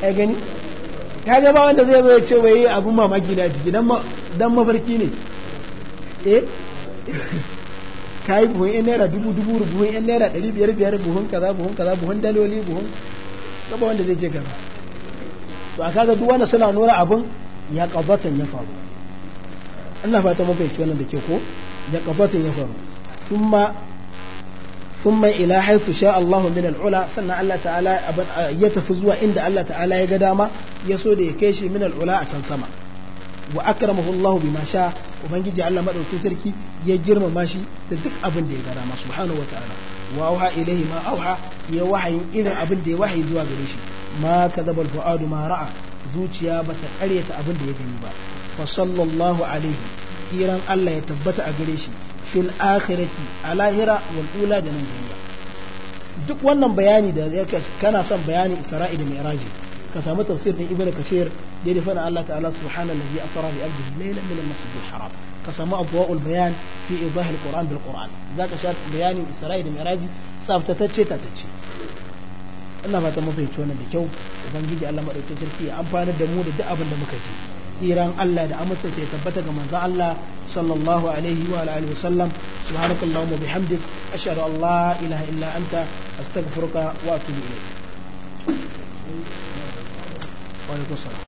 ai gani ka ga ba wanda zai bai ce wai abun mamaki na jiki dan mafarki ne eh kayi yi buhun yan naira dubu dubu buhun yan naira ɗari biyar biyar buhun kaza buhun kaza buhun daloli buhun gaba wanda zai je gaba. to a kaga duk wanda suna nuna abin ya kabatan ya faru Allah fata mun fahimci wannan da ke ko ya kabatan ya faru kuma ثم إلى حيث شاء الله من العلا سنة الله تعالى يتفزوا عند الله تعالى يقدام يسود يكيشي من العلا عشان سما وأكرمه الله بما sha. ubangiji Allah madaukakin sarki ya girmama shi da duk abin da ya gara ma subhanahu wataala wa auha ilaihi ma auha ya wahayin irin abin da ya wahayi zuwa gare shi ma kadabal fuadu ma ra'a zuciya bata karyata abin da ya gani ba fa sallallahu alaihi kiran Allah ya tabbata a gare shi fil akhirati a lahira wal ula da nan duniya duk wannan bayani da yake kana son bayani Isra'il da mi'raji ka samu tafsir din ibnu kasir da ya fada Allah ta'ala subhanallahi asra bi abdihi laylan min al-masjid al-haram ka samu abwaul bayan fi idah al-quran bil quran zaka sha bayanin isra'i da miraji tsaftatacce tace Allah ba ta mu fahimci wannan da kyau ubangiji Allah madaukakin sarki ya amfana da mu da duk abin da muka ji tsiran Allah da amince sai tabbata ga manzo Allah sallallahu alaihi wa alihi wasallam subhanakallahumma bihamdik ashhadu an la ilaha illa anta astaghfiruka wa atubu ilayk Olha o Gonçalo.